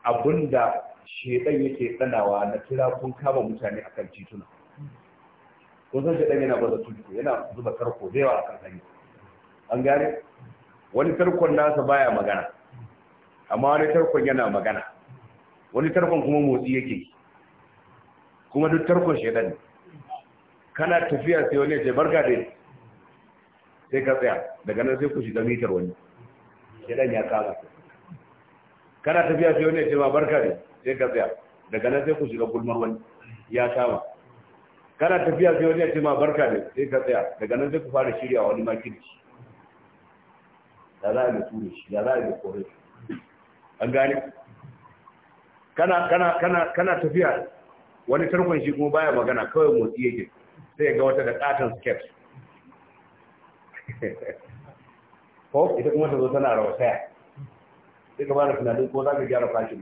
[SPEAKER 1] abinda shedan yake tsanawa na kira kun kama mutane akan tituna ko san ɗan yana baza tulku yana zuba tarko da yawa a kan an gane wani tarkon nasa baya magana amma wani tarkon yana magana wani tarkon kuma motsi yake kuma duk tarkon shaidan ne kana tafiya sai wani ya ce barka dai sai ka tsaya daga nan sai ku shiga mitar wani shaidan ya kama kana tafiya sai wani ya ce ma barka dai sai ka tsaya daga nan sai ku shiga gulmar wani ya kama kana tafiya sai wani ya ce ma barka ne sai ka tsaya daga nan sai ku fara shirya wani makirci da za a yi ture shi da za a yi kore an gane kana kana kana kana tafiya wani tarkon shi kuma baya magana kawai motsi yake sai ga wata da katon skirt *laughs* ko ita kuma ta zo tana rawa saya sai ka fara tunanin ko za ka gyara fashin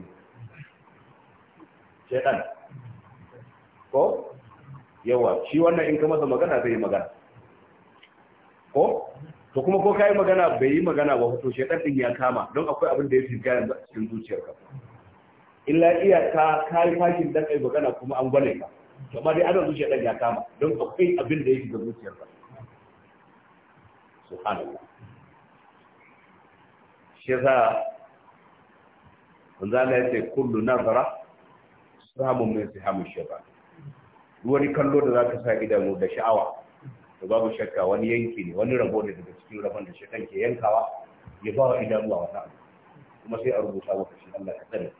[SPEAKER 1] shaitan ko yawa shi wannan in ka masa magana zai yi magana ko to kuma ko kai magana bai yi magana ba to shedan din ya kama don akwai abin da ya tinka yanzu cikin zuciyarka illa iya ka kai fakin da kai magana kuma an gwale ka to amma dai adon zuciya dan ya kama don akwai abin da ya zuciyar ka subhanallah shi yasa manzo Allah ya ce kullu nazara sahamun min sahamun shaytan wani kallo da za ka sa idanu da sha'awa to babu shakka wani yanki ne wani rabo ne daga cikin rabon da shaitan ke yankawa ya ba wa idanuwa wannan wata kuma sai a rubuta wata shi Allah ka tsare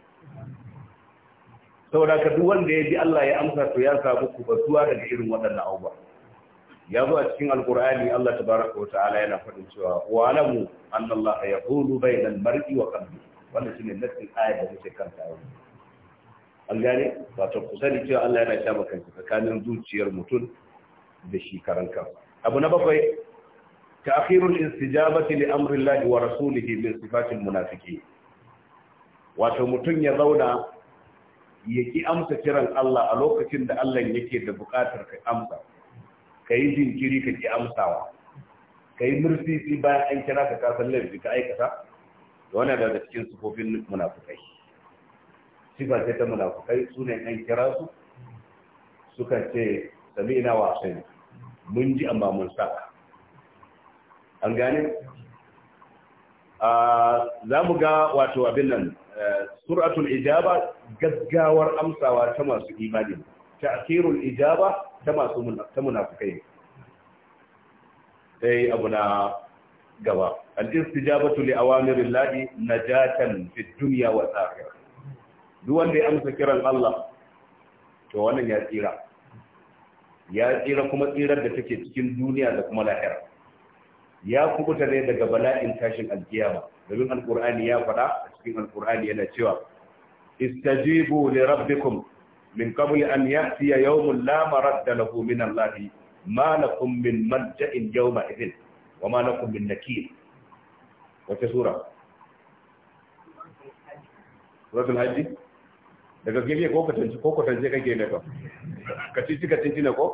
[SPEAKER 1] saboda ka duk wanda ya bi Allah ya amsa to ya samu kubatuwa daga irin waɗannan abubuwa ya zo a cikin alkur'ani Allah tabaraka Ta'ala yana faɗin cewa wa alamu anna yaqulu bainal mar'i wa qalbi wannan shine nassin ayat da muke kanta yau an gane wato ku sani cewa Allah yana shafa maka tsakanin zuciyar mutum da shi karanka. abu na bakwai ta'khirul istijabati li amri Allah wa rasulihi min sifatil munafiqin wato mutum ya zauna ya ki amsa kiran Allah a lokacin da Allah yake da buƙatar ka amsa kai jinkiri ka ki amsawa kai murfi bayan an kira ka ka san laifi ka aikata wannan daga cikin sufofin munafikai sifa ce ta munafukai su ne an kira su suka ce sami ina wasan mun ji amma mun sa an gane za mu ga wato abin nan eh, suratul ijaba gaggawar amsawa ta masu imani asirul ijaba ta masu ta sai abu na gaba al-istijabatu li awamirillahi najatan fid dunya wal akhirah duk wanda ya amsa kiran Allah to wannan ya tsira ya tsira kuma tsirar da take cikin duniya da kuma lahira ya kubuta ne daga bala'in tashin alkiyama domin alkur'ani ya faɗa a cikin alkur'ani yana cewa istajibu li rabbikum min qabli an ya'tiya yawmun la maradda lahu min Allah ma lakum min malja'in yawma idhin wa ma lakum min nakir wata sura suratul hajj da gaske ne ko kwatance ko kwatance kake ne ba ka ci ka ci ne ko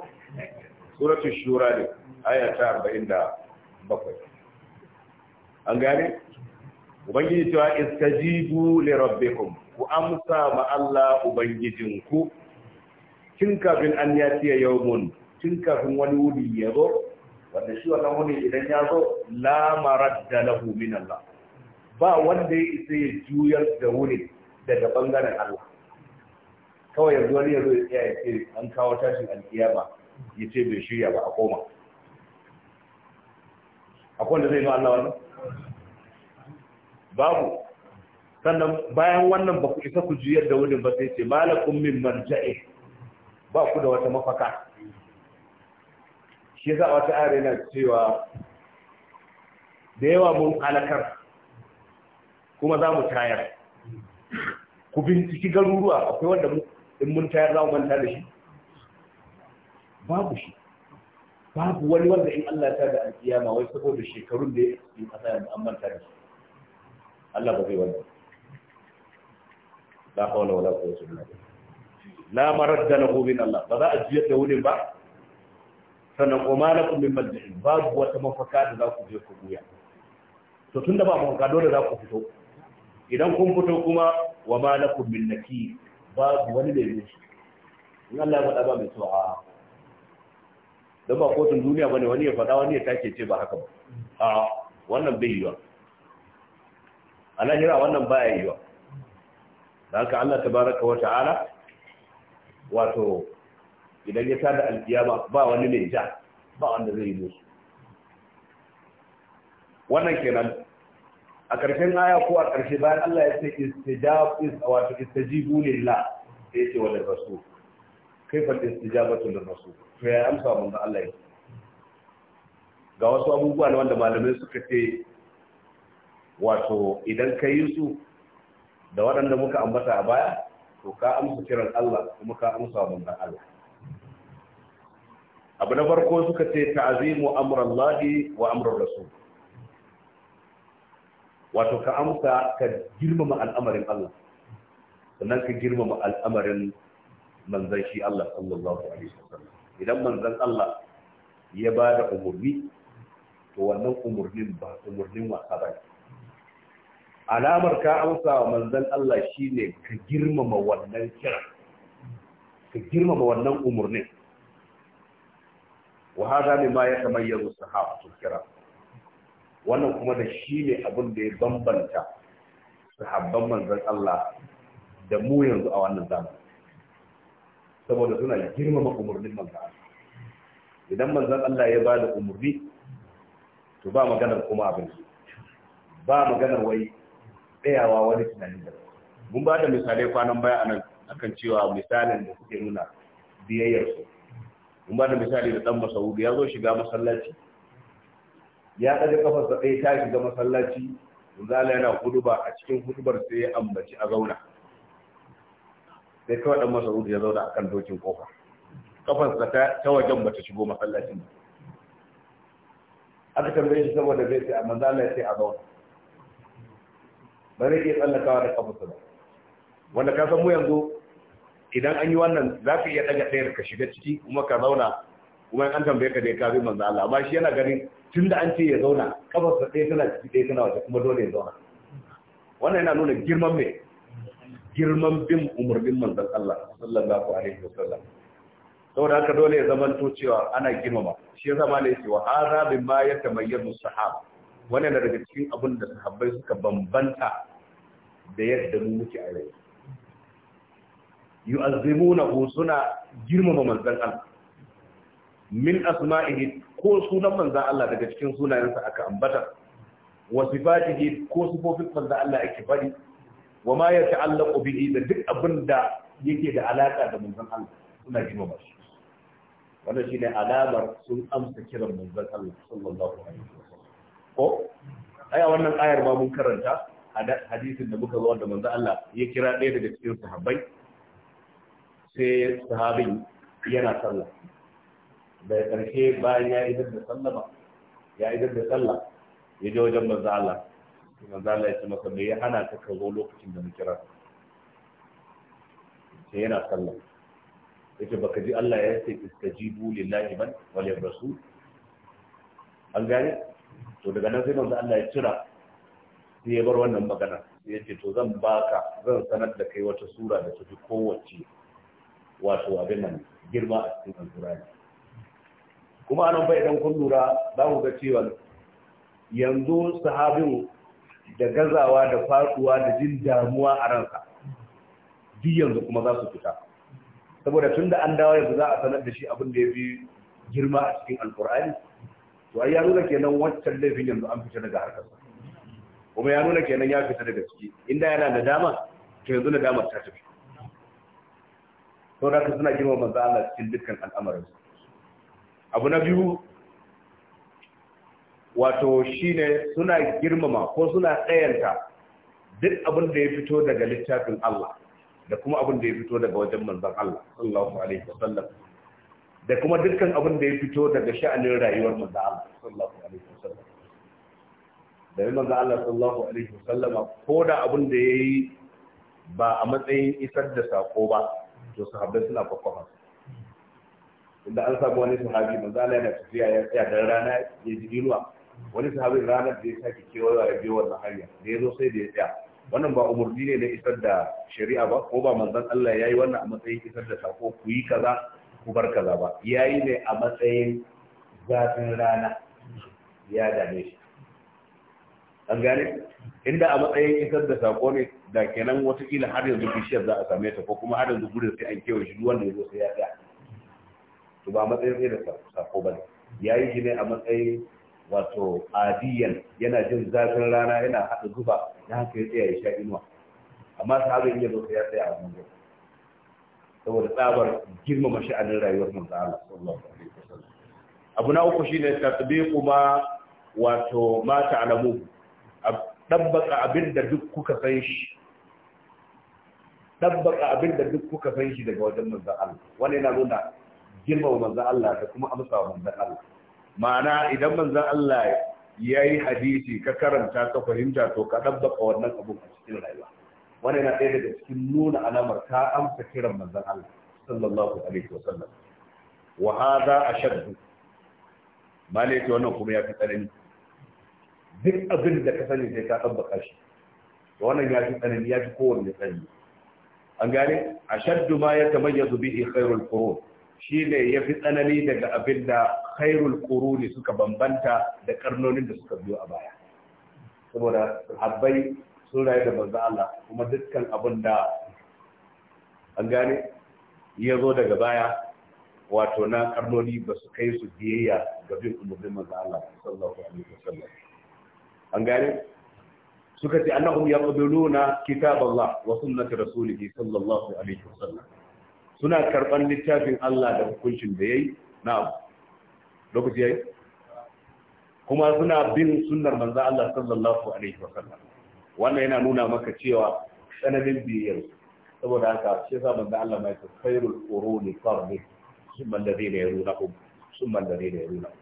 [SPEAKER 1] suratul shura ne aya ta 47 an gane ubangiji cewa istajibu li rabbikum ku amsa ma Allah ubangijinku Kin kafin an ya ci yawmun Kin kafin wani wuri ya zo wanda shi wannan wuri idan ya zo la maradda lahu min Allah ba wanda ya isa ya juyar da wuri daga bangaren Allah kawai yanzu wani yanzu ya tsaya ya ce an kawo tashin alkiyama ya ce bai shirya ba a koma akwai wanda zai yi Allah wani babu sannan bayan wannan ba ku isa ku juyar da wurin ba sai ce malakun min marja'i ba ku da wata mafaka shi yasa wata ayyana yana cewa da yawa mun halakar kuma za mu tayar ku binciki garuruwa akwai wanda in mun tayar za mu manta da shi babu shi babu wani wanda in Allah ta da alkiyama wai saboda shekarun da ya yi kasa yanzu an manta da shi Allah ba zai wani la hawla wala quwwata illa billah la maradda lahu min Allah ba za a jiyar da wurin ba sannan kuma lakum min malja'in babu wata mafaka da za ku je ku buya to tunda ba mafaka dole za ku fito idan kun fito kuma wa ma lakum min nakir babu wani da yi shi in Allah ya faɗa ba mai tsawa a don ba kotun duniya bane wani ya faɗa wani ya take ce ba haka ba a wannan bai yiwa a lahira wannan ya yiwa da haka Allah ta baraka wa ta'ala wato idan ya tada alkiyama ba wani mai ja ba wanda zai yi musu wannan kenan a ƙarshen aya ko a ƙarshe bayan Allah ya ce istijab is wato istajibu lillah sai ya ce wa rasul kaifa istijabatu lir rasul to ya amsa manzo Allah ya ga wasu abubuwa ne wanda malamai suka ce wato idan ka yi su da waɗanda muka ambata a baya to ka amsa kiran Allah kuma ka amsa manzo Allah abu na farko suka ce ta'zimu amrallahi wa amrur rasul wato ka amsa ka girmama al'amarin Allah sannan ka girmama al'amarin manzan shi Allah sallallahu alaihi wasallam idan manzan Allah ya ba da umarni, to wannan umarnin ba umarnin wasa ba alamar ka amsa wa manzan Allah shine ka girmama wannan kira ka girmama wannan umarnin. wa hada ne ma ya tamayyazu sahabatul kiram wannan kuma da shi ne abin da ya bambanta sahabban manzan Allah da mu yanzu a wannan zamani saboda suna girmama umarnin manzan Allah idan manzan Allah ya bada umarni to ba maganar kuma abin ba maganar wai tsayawa wani tunanin da mun ba da misalai kwanan baya a nan akan cewa misalin da suke nuna biyayyarsu mun ba da misali da dan Masaudi ya zo shiga masallaci ya ɗaga kafarsa ɗaya ta shiga masallaci zala yana huduba a cikin hudubar sai ya ambaci a zauna sai kawai ɗan masa ya zauna a kan dokin ƙofa kafarsa ta wajen bata shigo masallacin ba aka tambaye shi saboda zai sai a manzala ya sai a zauna ba zai iya tsallakawa da kafarsa ba wanda ka san mu yanzu idan an yi wannan za ka iya ɗaga ɗayar ka shiga ciki kuma ka zauna kuma an tambaye ka dai ka bi manzala amma shi yana ganin tun da an ce ya zauna kafarsa ɗaya tana ciki ɗaya tana wata kuma dole ya zauna wannan yana nuna girman mai girman bin umarnin manzan Allah sallallahu alaihi wa sallam saboda haka dole ya zama to cewa ana girmama shi yasa ma ne cewa ma ya yatamayyazu sahaba wannan yana daga cikin abin da sahabbai suka bambanta da yadda mu muke a yau yu'azzimuna suna girmama manzan Allah min asma'ihi ko sunan manzan Allah daga cikin sunayensa aka ambata wa sifatihi ko sifofin manzan Allah ake faɗi wa ma ya ta'allaqu bihi da duk abin da yake da alaƙa da manzan Allah suna jima ba shi wannan shine alamar sun amsa kiran manzan Allah sallallahu alaihi wasallam ko aya wannan ayar ma mun karanta hadisin da muka zo da manzan Allah ya kira ɗaya daga cikin sahabbai sai sahabin yana sallah da karshe bayan ya idar da sallama ya idar da sallah ya je wajen manzo Allah manzo Allah ya ce masa me ya hana ka ka zo lokacin da na kira sai yana sallah yace baka ji Allah ya ce istajibu lillahi man wal rasul an gane to daga nan sai manzo Allah ya cira sai ya bar wannan magana ya ce to zan baka zan sanar da kai wata sura da fi kowace wato abin nan girma a cikin alkurani kuma nan bai idan kun lura za ku ga cewa yanzu sahabin da gazawa da faduwa da jin damuwa a ransa duk yanzu kuma za su fita saboda tun da an dawo yanzu za a sanar da shi abin da ya fi girma a cikin alkur'ani to ai ya nuna kenan wancan laifin yanzu an fita daga harkarsa kuma ya nuna kenan ya fita daga ciki inda yana da dama to yanzu da damar ta tafi saboda suna girma manzo Allah cikin dukkan su. abu na biyu wato shine suna girmama ko suna tsayanta duk abin da ya fito daga littafin Allah da kuma abin da ya fito daga wajen manzon Allah sallallahu alaihi wasallam da kuma dukkan abin da ya fito daga sha'anin rayuwar manzon Allah sallallahu alaihi wasallam da manzon Allah sallallahu alaihi wasallam ko da abin da yayi ba a matsayin isar da sako ba to sahabbai suna kwakwafa inda an samu wani sahabi manzo Allah yana tafiya ya tsaya da rana ya ji inuwa wani sahabi ranar da ya saki kewayewa ya biyo wannan hanya da ya zo sai da ya tsaya wannan ba umurni ne na isar da shari'a ba ko ba manzon Allah yayi wannan a matsayin isar da sako ku yi kaza ku bar kaza ba yayi ne a matsayin zafin rana ya dame shi an gane inda a matsayin isar da sako ne da kenan watakila har yanzu bishiyar za a same ta ko kuma har yanzu gudun sai an kewa shi wanda ya zo sai ya tsaya to ba matsayin sai da sako ba ya yi shi ne a matsayin wato adiyan yana jin zafin rana yana haɗa zuba ya haka ya tsaya ya sha inuwa amma su sahabin ya zuwa ya tsaya a yau saboda tsabar girmama sha'anin rayuwar manzo Allah sallallahu
[SPEAKER 2] alaihi wasallam
[SPEAKER 1] abu na uku shine tabi kuma wato ma alamu dabbaka abinda duk kuka san shi dabbaka abinda duk kuka san shi daga wajen manzo Allah wannan yana nuna girmama manzan Allah da kuma amsa wa manzan Allah ma'ana idan manzan Allah ya yi hadisi ka karanta ka fahimta to ka ɗabbaka wannan abun a cikin rayuwa wani na ɗaya daga cikin nuna alamar ka amsa kiran manzan Allah sallallahu alaihi wa sallam wa hadha ashaddu malai wannan kuma ya fi tsanani duk abin da ka sani sai ka ɗabbaka kashi. wannan ya fi tsanani ya fi kowanne tsanani an gane ashaddu ma ya tamayyazu bihi khairul qurun shi ne ya fi tsanani daga abin da khairul kuruni suka bambanta da karnonin da suka biyo a baya saboda habbai sun rayu da banza Allah kuma dukkan abin da an gane ya zo daga baya wato na karnoni ba su kai su biyayya ga bin umarnin manzo Allah sallallahu alaihi wasallam an gane suka ce annahum yaqbuluna kitaballah wa sunnati rasulih sallallahu alaihi wasallam suna karban littafin Allah da hukuncin da ya yi yayi na'am lokaci yayi kuma suna bin sunnar manza Allah sallallahu alaihi wasallam wannan yana nuna maka cewa tsananin biyar saboda haka shi yasa manzo Allah mai ta khairul quruni qarni summa alladhina yarunahum summa alladhina yarunahum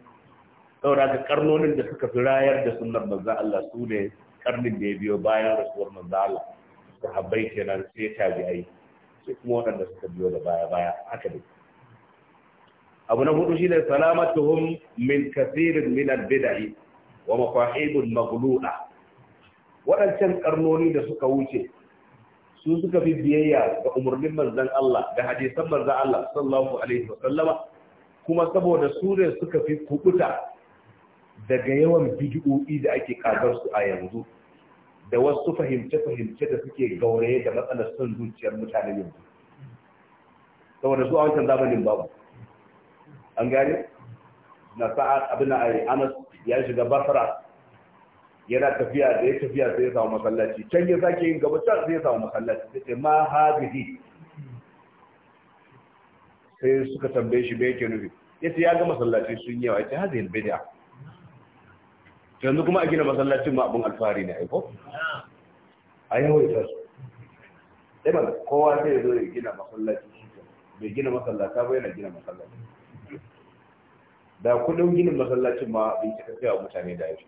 [SPEAKER 1] saboda haka karnonin da suka fi rayar da sunnar manza Allah su ne karnin da ya biyo bayan rasuwar manza Allah sahabbai kenan sai tabi'ai sai kuma waɗanda suka biyo da baya baya haka ne abu na hudu shine salamatuhum min kathirin min al-bid'i wa mafahimul maghlu'a waɗancan karnoni da suka wuce su suka fi biyayya ga umarnin manzon Allah da hadisan manzon Allah sallallahu alaihi wa sallama kuma saboda su ne suka fi kubuta daga yawan bid'o'i da ake kadar su a yanzu da wasu fahimce-fahimce da suke gauraye da matsalar son zuciyar mutane yanzu saboda su a wancan zamanin babu an gane na sa'a abin ari anas ya shiga basra yana tafiya da ya tafiya sai ya samu masallaci can ya sake yin gaba can sai ya samu masallaci sai ce ma hazihi sai suka tambaye shi bai ke nufi ya ce ya ga masallaci sun yi yawa ya ce hazihi bid'a yanzu kuma a gina masallacin ma abin alfahari ne aiko a yawaita su ɗaya ba kowa zai zo ya gina masallaci mai gina masallaci ba yana gina masallaci da kudin ginin masallacin ma abin kika sai mutane da yau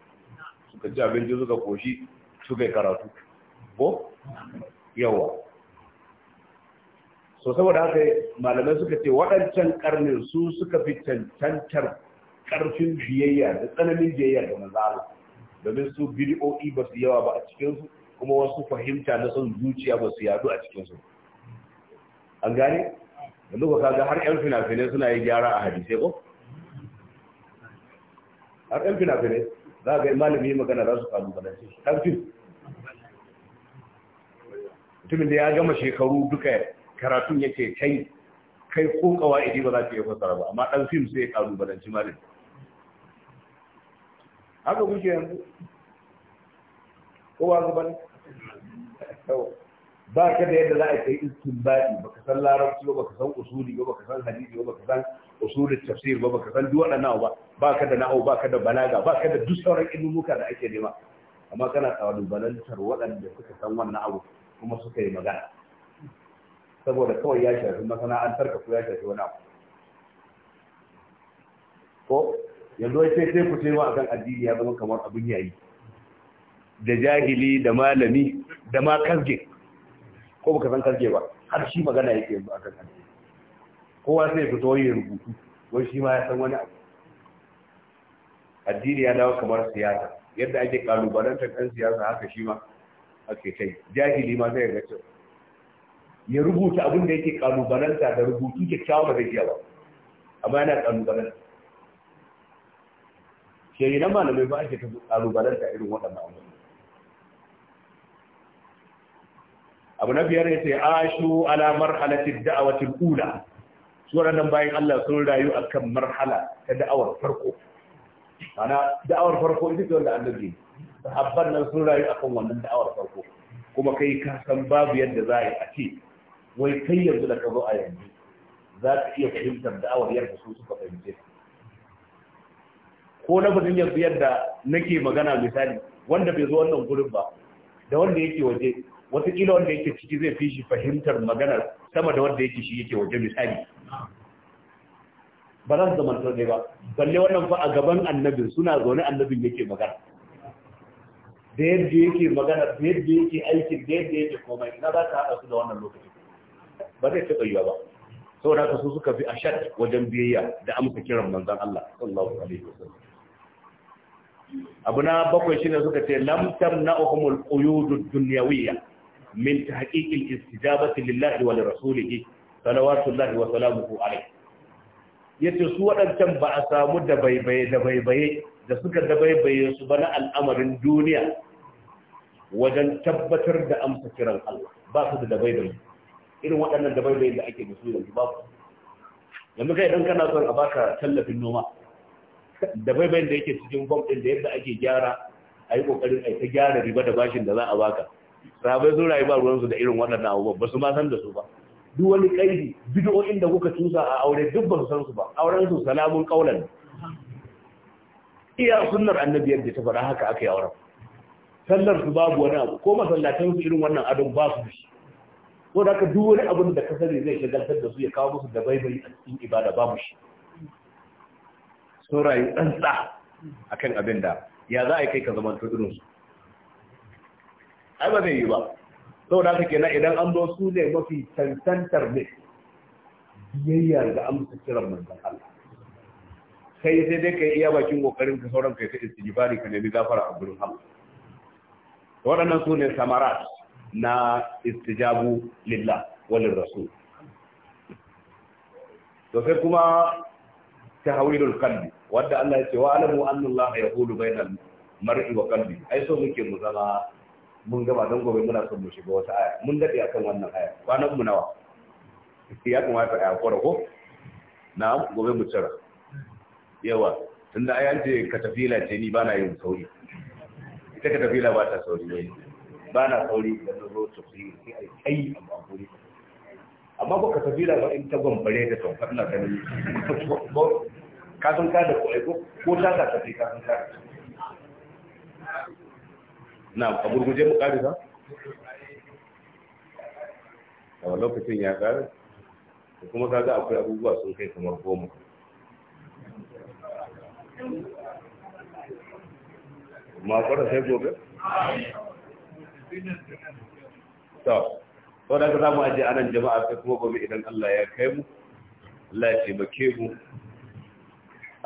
[SPEAKER 1] suka ci abinci suka koshi suka yi karatu ko yawa so saboda haka malamai suka ce waɗancan karnin su suka fi cancantar karfin biyayya da tsananin biyayya ga manzo Allah domin su bid'o'i ba su yawa ba a cikinsu, kuma wasu fahimta na son zuciya ba su yadu a cikinsu. an gane da lokaci kaga har yan fina-finai suna yi gyara a hadisai ko har yan fina-finai za ga malami magana za su kalu balance karfin mutumin da ya gama shekaru duka karatun yake kai kai ko idi ba za ta yi fasara ba amma dan fim sai ya kalu balanci malami haka kuke yanzu ko ba ku bane ba ka da yadda za a kai ba ka san larabci ba ka san usuli ba ka san hadisi ba ka san usulul tafsir ba ka san duk waɗannan ba ba ka da ba ka da balaga ka da duk sauran ilmuka da ake nema amma kana kalubalantar waɗanda suka san wannan abu kuma suka yi magana saboda kawai ya shafi masana'antar ka ko ya shafi wani abu ko yanzu wai sai sai ku sai wa akan addini ya zama kamar abin yayi da jahili da malami da ma kasge ko baka san kasge ba har shi magana yake yanzu akan addini kowa sai fito yin rubutu wai shi ma ya san wani abu addini ya dawo kamar siyasa yadda ake kalubalantar ɗan siyasa haka shi ma ake kai jahili ma zai ga cewa ya rubuta abin da yake kalubalanta da rubutu kyakkyawa ba zai iya ba amma yana kalubalanta na malamai ba ake kalubalen lanta irin waɗannan wani abu na biyar ya ce ashu ala marhalati da'awatil ula su waɗannan bayan Allah sun rayu akan marhala ta da'awar farko ana da'awar farko ita ce wanda annabi sahabban nan sun rayu akan wannan da'awar farko kuma kai ka san babu yadda za a yi a ce wai kai yanzu da ka zo a yanzu za ka iya fahimtar da'awar yadda su suka fahimce su ko lafazin yanzu yadda nake magana misali wanda bai zo wannan gurin ba da wanda yake waje watakila wanda yake ciki zai fi shi fahimtar maganar sama da wanda yake shi yake waje misali ba za su zamanta ne ba balle wannan fa a gaban annabin suna zaune annabin yake magana da yadda yake magana da yadda yake aikin da yadda yake komai na za ka haɗa su da wannan lokacin ba zai taɓa ba saboda haka su suka fi ashad wajen biyayya da amsa kiran manzon Allah sallallahu alaihi wasallam abu na bakwai shine suka ce lam tamna'uhumul quyudud dunyawiyya min tahqiqil istijabati lillahi wa salawatu salawatullahi wa salamuhu alayhi yace su wadancan ba a samu da baibaye da baibaye da suka da baibaye su bana al'amarin duniya wajen tabbatar da amsa kiran Allah ba su da dabaibaye irin waɗannan dabaibaye da ake da su yanzu ba yanzu kai dan kana son a baka tallafin noma da baibayin da yake cikin bom ɗin da yadda ake gyara a yi ƙoƙarin a ta gyara riba da bashin da za a baka rabai sun rayu ba ruwansu da irin waɗannan abubuwan ba su ma san da su ba duk wani ƙaidi bidiyoyin da kuka cusa a aure duk ba su san su ba auren su salamun ƙaunar iya sunnar annabi yadda ta faɗa haka aka yi auren sallar su babu wani abu ko masallatan su irin wannan adon ba su shi ko da ka duk wani abin da ka sani zai shagaltar da su ya kawo musu da baibayi a cikin ibada babu shi sun rayu a akan abin da ya za a kai ka zama to ai ba zai yi ba Sau da suke na idan an zo su ne mafi tantantar ne biyayya ga amsa kiran manzan Allah kai sai dai yi iya bakin kokarin ka sauran kai ta istighfari ka nemi gafara a gurin waɗannan su ne samarat na istijabu lillah walin rasu. to sai kuma tahwilul qalbi wanda Allah ya ce wa alamu anna Allah yaqulu bainal mar'i wa qalbi ai so muke mu zama mun gaba don gobe muna son mu shiga wata aya mun dade akan wannan aya kwanan mu nawa ya kamata a yakura ko na gobe mu tsara yawa tunda aya ce ka tafila ce ni bana yin sauri ita ka tafila ba ta sauri ba na sauri da zo tsofi sai ai kai amma guri amma ba ka tafi da ba in ta gwambare da tamfar na ganin kasan ka da kwaiko ko ta ka tafi kasan ka na a gurguje mu kare ta a wani lokacin ya kare da kuma kaga akwai abubuwa sun kai kamar goma
[SPEAKER 2] ma kwada sai gobe? to
[SPEAKER 1] wadda za mu ajiye anan jama'a sai kuma gobe idan Allah ya kai mu Allah ya taimake mu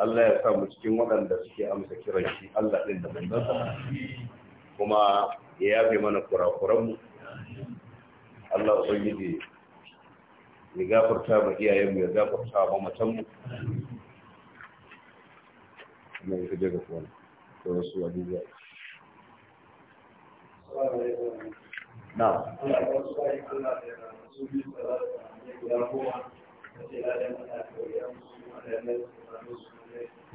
[SPEAKER 1] Allah ya sa cikin waɗanda suke amsa kiran shi Allah ɗin da manzansa kuma ya yafe mana kurakuran mu Allah ubangiji ya gafarta ma iyayen ya gafarta ma matan mu ne ka ga to su abubuwa
[SPEAKER 2] Thank you. na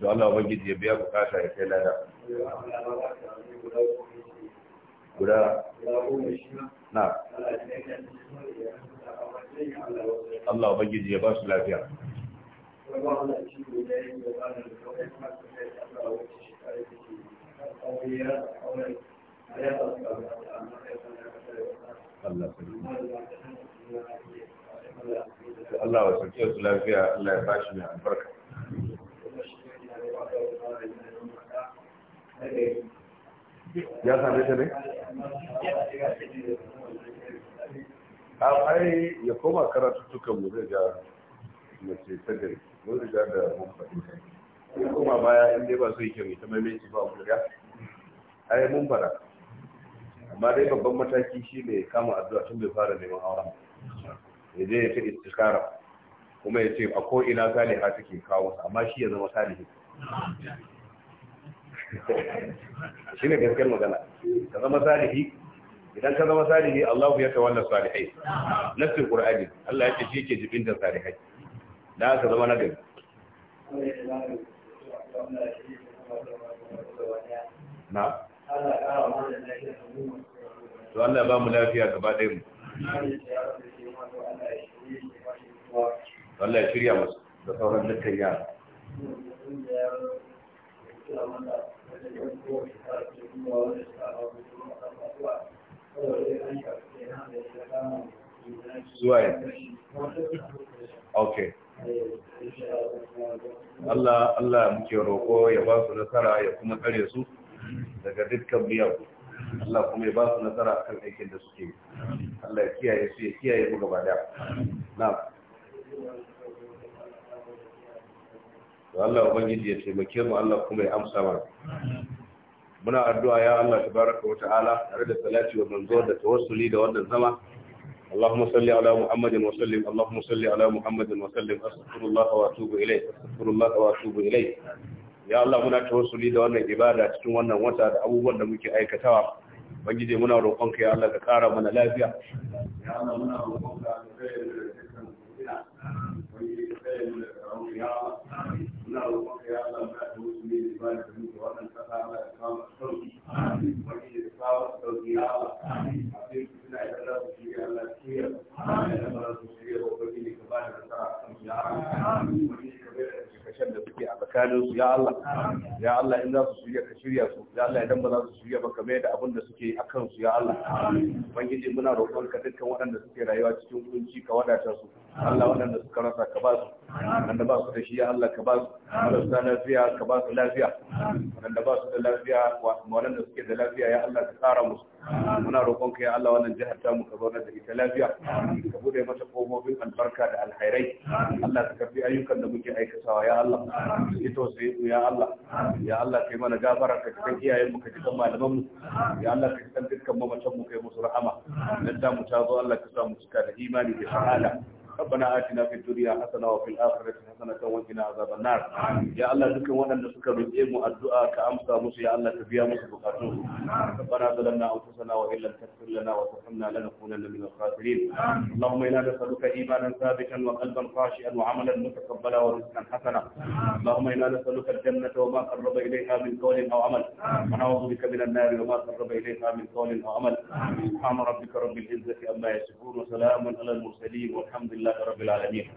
[SPEAKER 2] da Allah
[SPEAKER 1] ya biya bukata ya kai lada guda na Allah ya ba su lafiya Allah sarki Allah wa sarki lafiya Allah ya bashi mai albarka ya same ta ne? a ai ya koma karatu tuka mu zai ga mace ta gari mun riga da mun faɗi ya koma baya inda ba su yi kyau ita mai mai ci ba mu riga ai mun amma dai babban mataki shi ne kama addu'a tun bai fara neman auren ya je ya ce istikara kuma ya ce a ko ina saliha take kawo amma shi ya zama salihi
[SPEAKER 2] *laughs*
[SPEAKER 1] shi ne gaskiyar magana ka zama salihi idan ka zama salihi Allahu ya tawalla salihai nassin qur'ani Allah ya ce shi ke jibin da salihai da ka zama na gari
[SPEAKER 2] na to Allah ba mu lafiya
[SPEAKER 1] gaba ɗaya mu Allah ya shirya musu da sauran dukkan yara zuwa Ok.
[SPEAKER 2] Allah Allah muke roƙo ya ba su nasara
[SPEAKER 1] ya kuma tsare su daga dukkan miyagu Allah kuma ya ba su nasara akan aikin da suke yi Allah ya kiyaye su ya kiyaye mu gaba da na'am to Allah ubangiji ya taimake mu Allah kuma ya amsa mana muna addu'a ya Allah
[SPEAKER 2] tabaraka wa ta'ala
[SPEAKER 1] tare da salati wa manzo da tawassuli da wannan zama اللهم صل على محمد وسلم اللهم صل على محمد وسلم استغفر الله واتوب اليه استغفر الله واتوب اليه ya Allah muna tawassuli da wannan ibada cikin wannan wata da abubuwan da muke aikatawa bangije muna roƙonka ya Allah ka ƙara mana lafiya
[SPEAKER 2] ya Allah muna roƙonka ka kare mu daga dukkan fitina bangije ka kare mu daga rauni ya Allah muna roƙonka ya Allah muna tawassuli da ibada
[SPEAKER 1] tsakanin su ya Allah ya Allah in za su shirya ka shirya su ya Allah idan ba za su shirya ba ka yadda da abin da suke yi akan su ya Allah ubangiji muna roƙon ka dukkan waɗanda suke rayuwa cikin kunci ka wadata su Allah waɗanda suka rasa ka ba su waɗanda ba su da shi Allah ka ba su marasa lafiya ka ba su lafiya waɗanda ba su da lafiya waɗanda suke da lafiya ya Allah ka tsara musu muna roƙon ka ya Allah wannan jihar ta mu ka zauna da ita lafiya ka bude mata kofofin albarka da alkhairai Allah ka karbi ayyukan da muke aikatawa ya Allah ita sai ya Allah ya Allah ka yi mana gafara ka cikin iyayen mu ka cikin malaman mu ya Allah ka cikin dukkan mamatan mu kai musu rahama dan ta mu ta zo Allah ka sa mu cika da imani da shahada ربنا آتنا في الدنيا حسنة وفي الآخرة حسنة وقنا عذاب النار يا الله ذكر وانا suka من mu إيه الدعاء ka موسى يا الله تبيا موسى بقاتوه ربنا ظلمنا أنفسنا وإن لم تغفر لنا وترحمنا لنكونن من الخاسرين اللهم إنا نسألك إيمانا ثابتا وقلبا خاشعا وعملا متقبلا ورزقا حسنا اللهم إنا نسألك الجنة وما قرب إليها من قول أو عمل ونعوذ بك من النار وما قرب إليها من قول أو عمل سبحان ربك رب العزة أما يصفون وسلام على المرسلين والحمد لله لله رب العالمين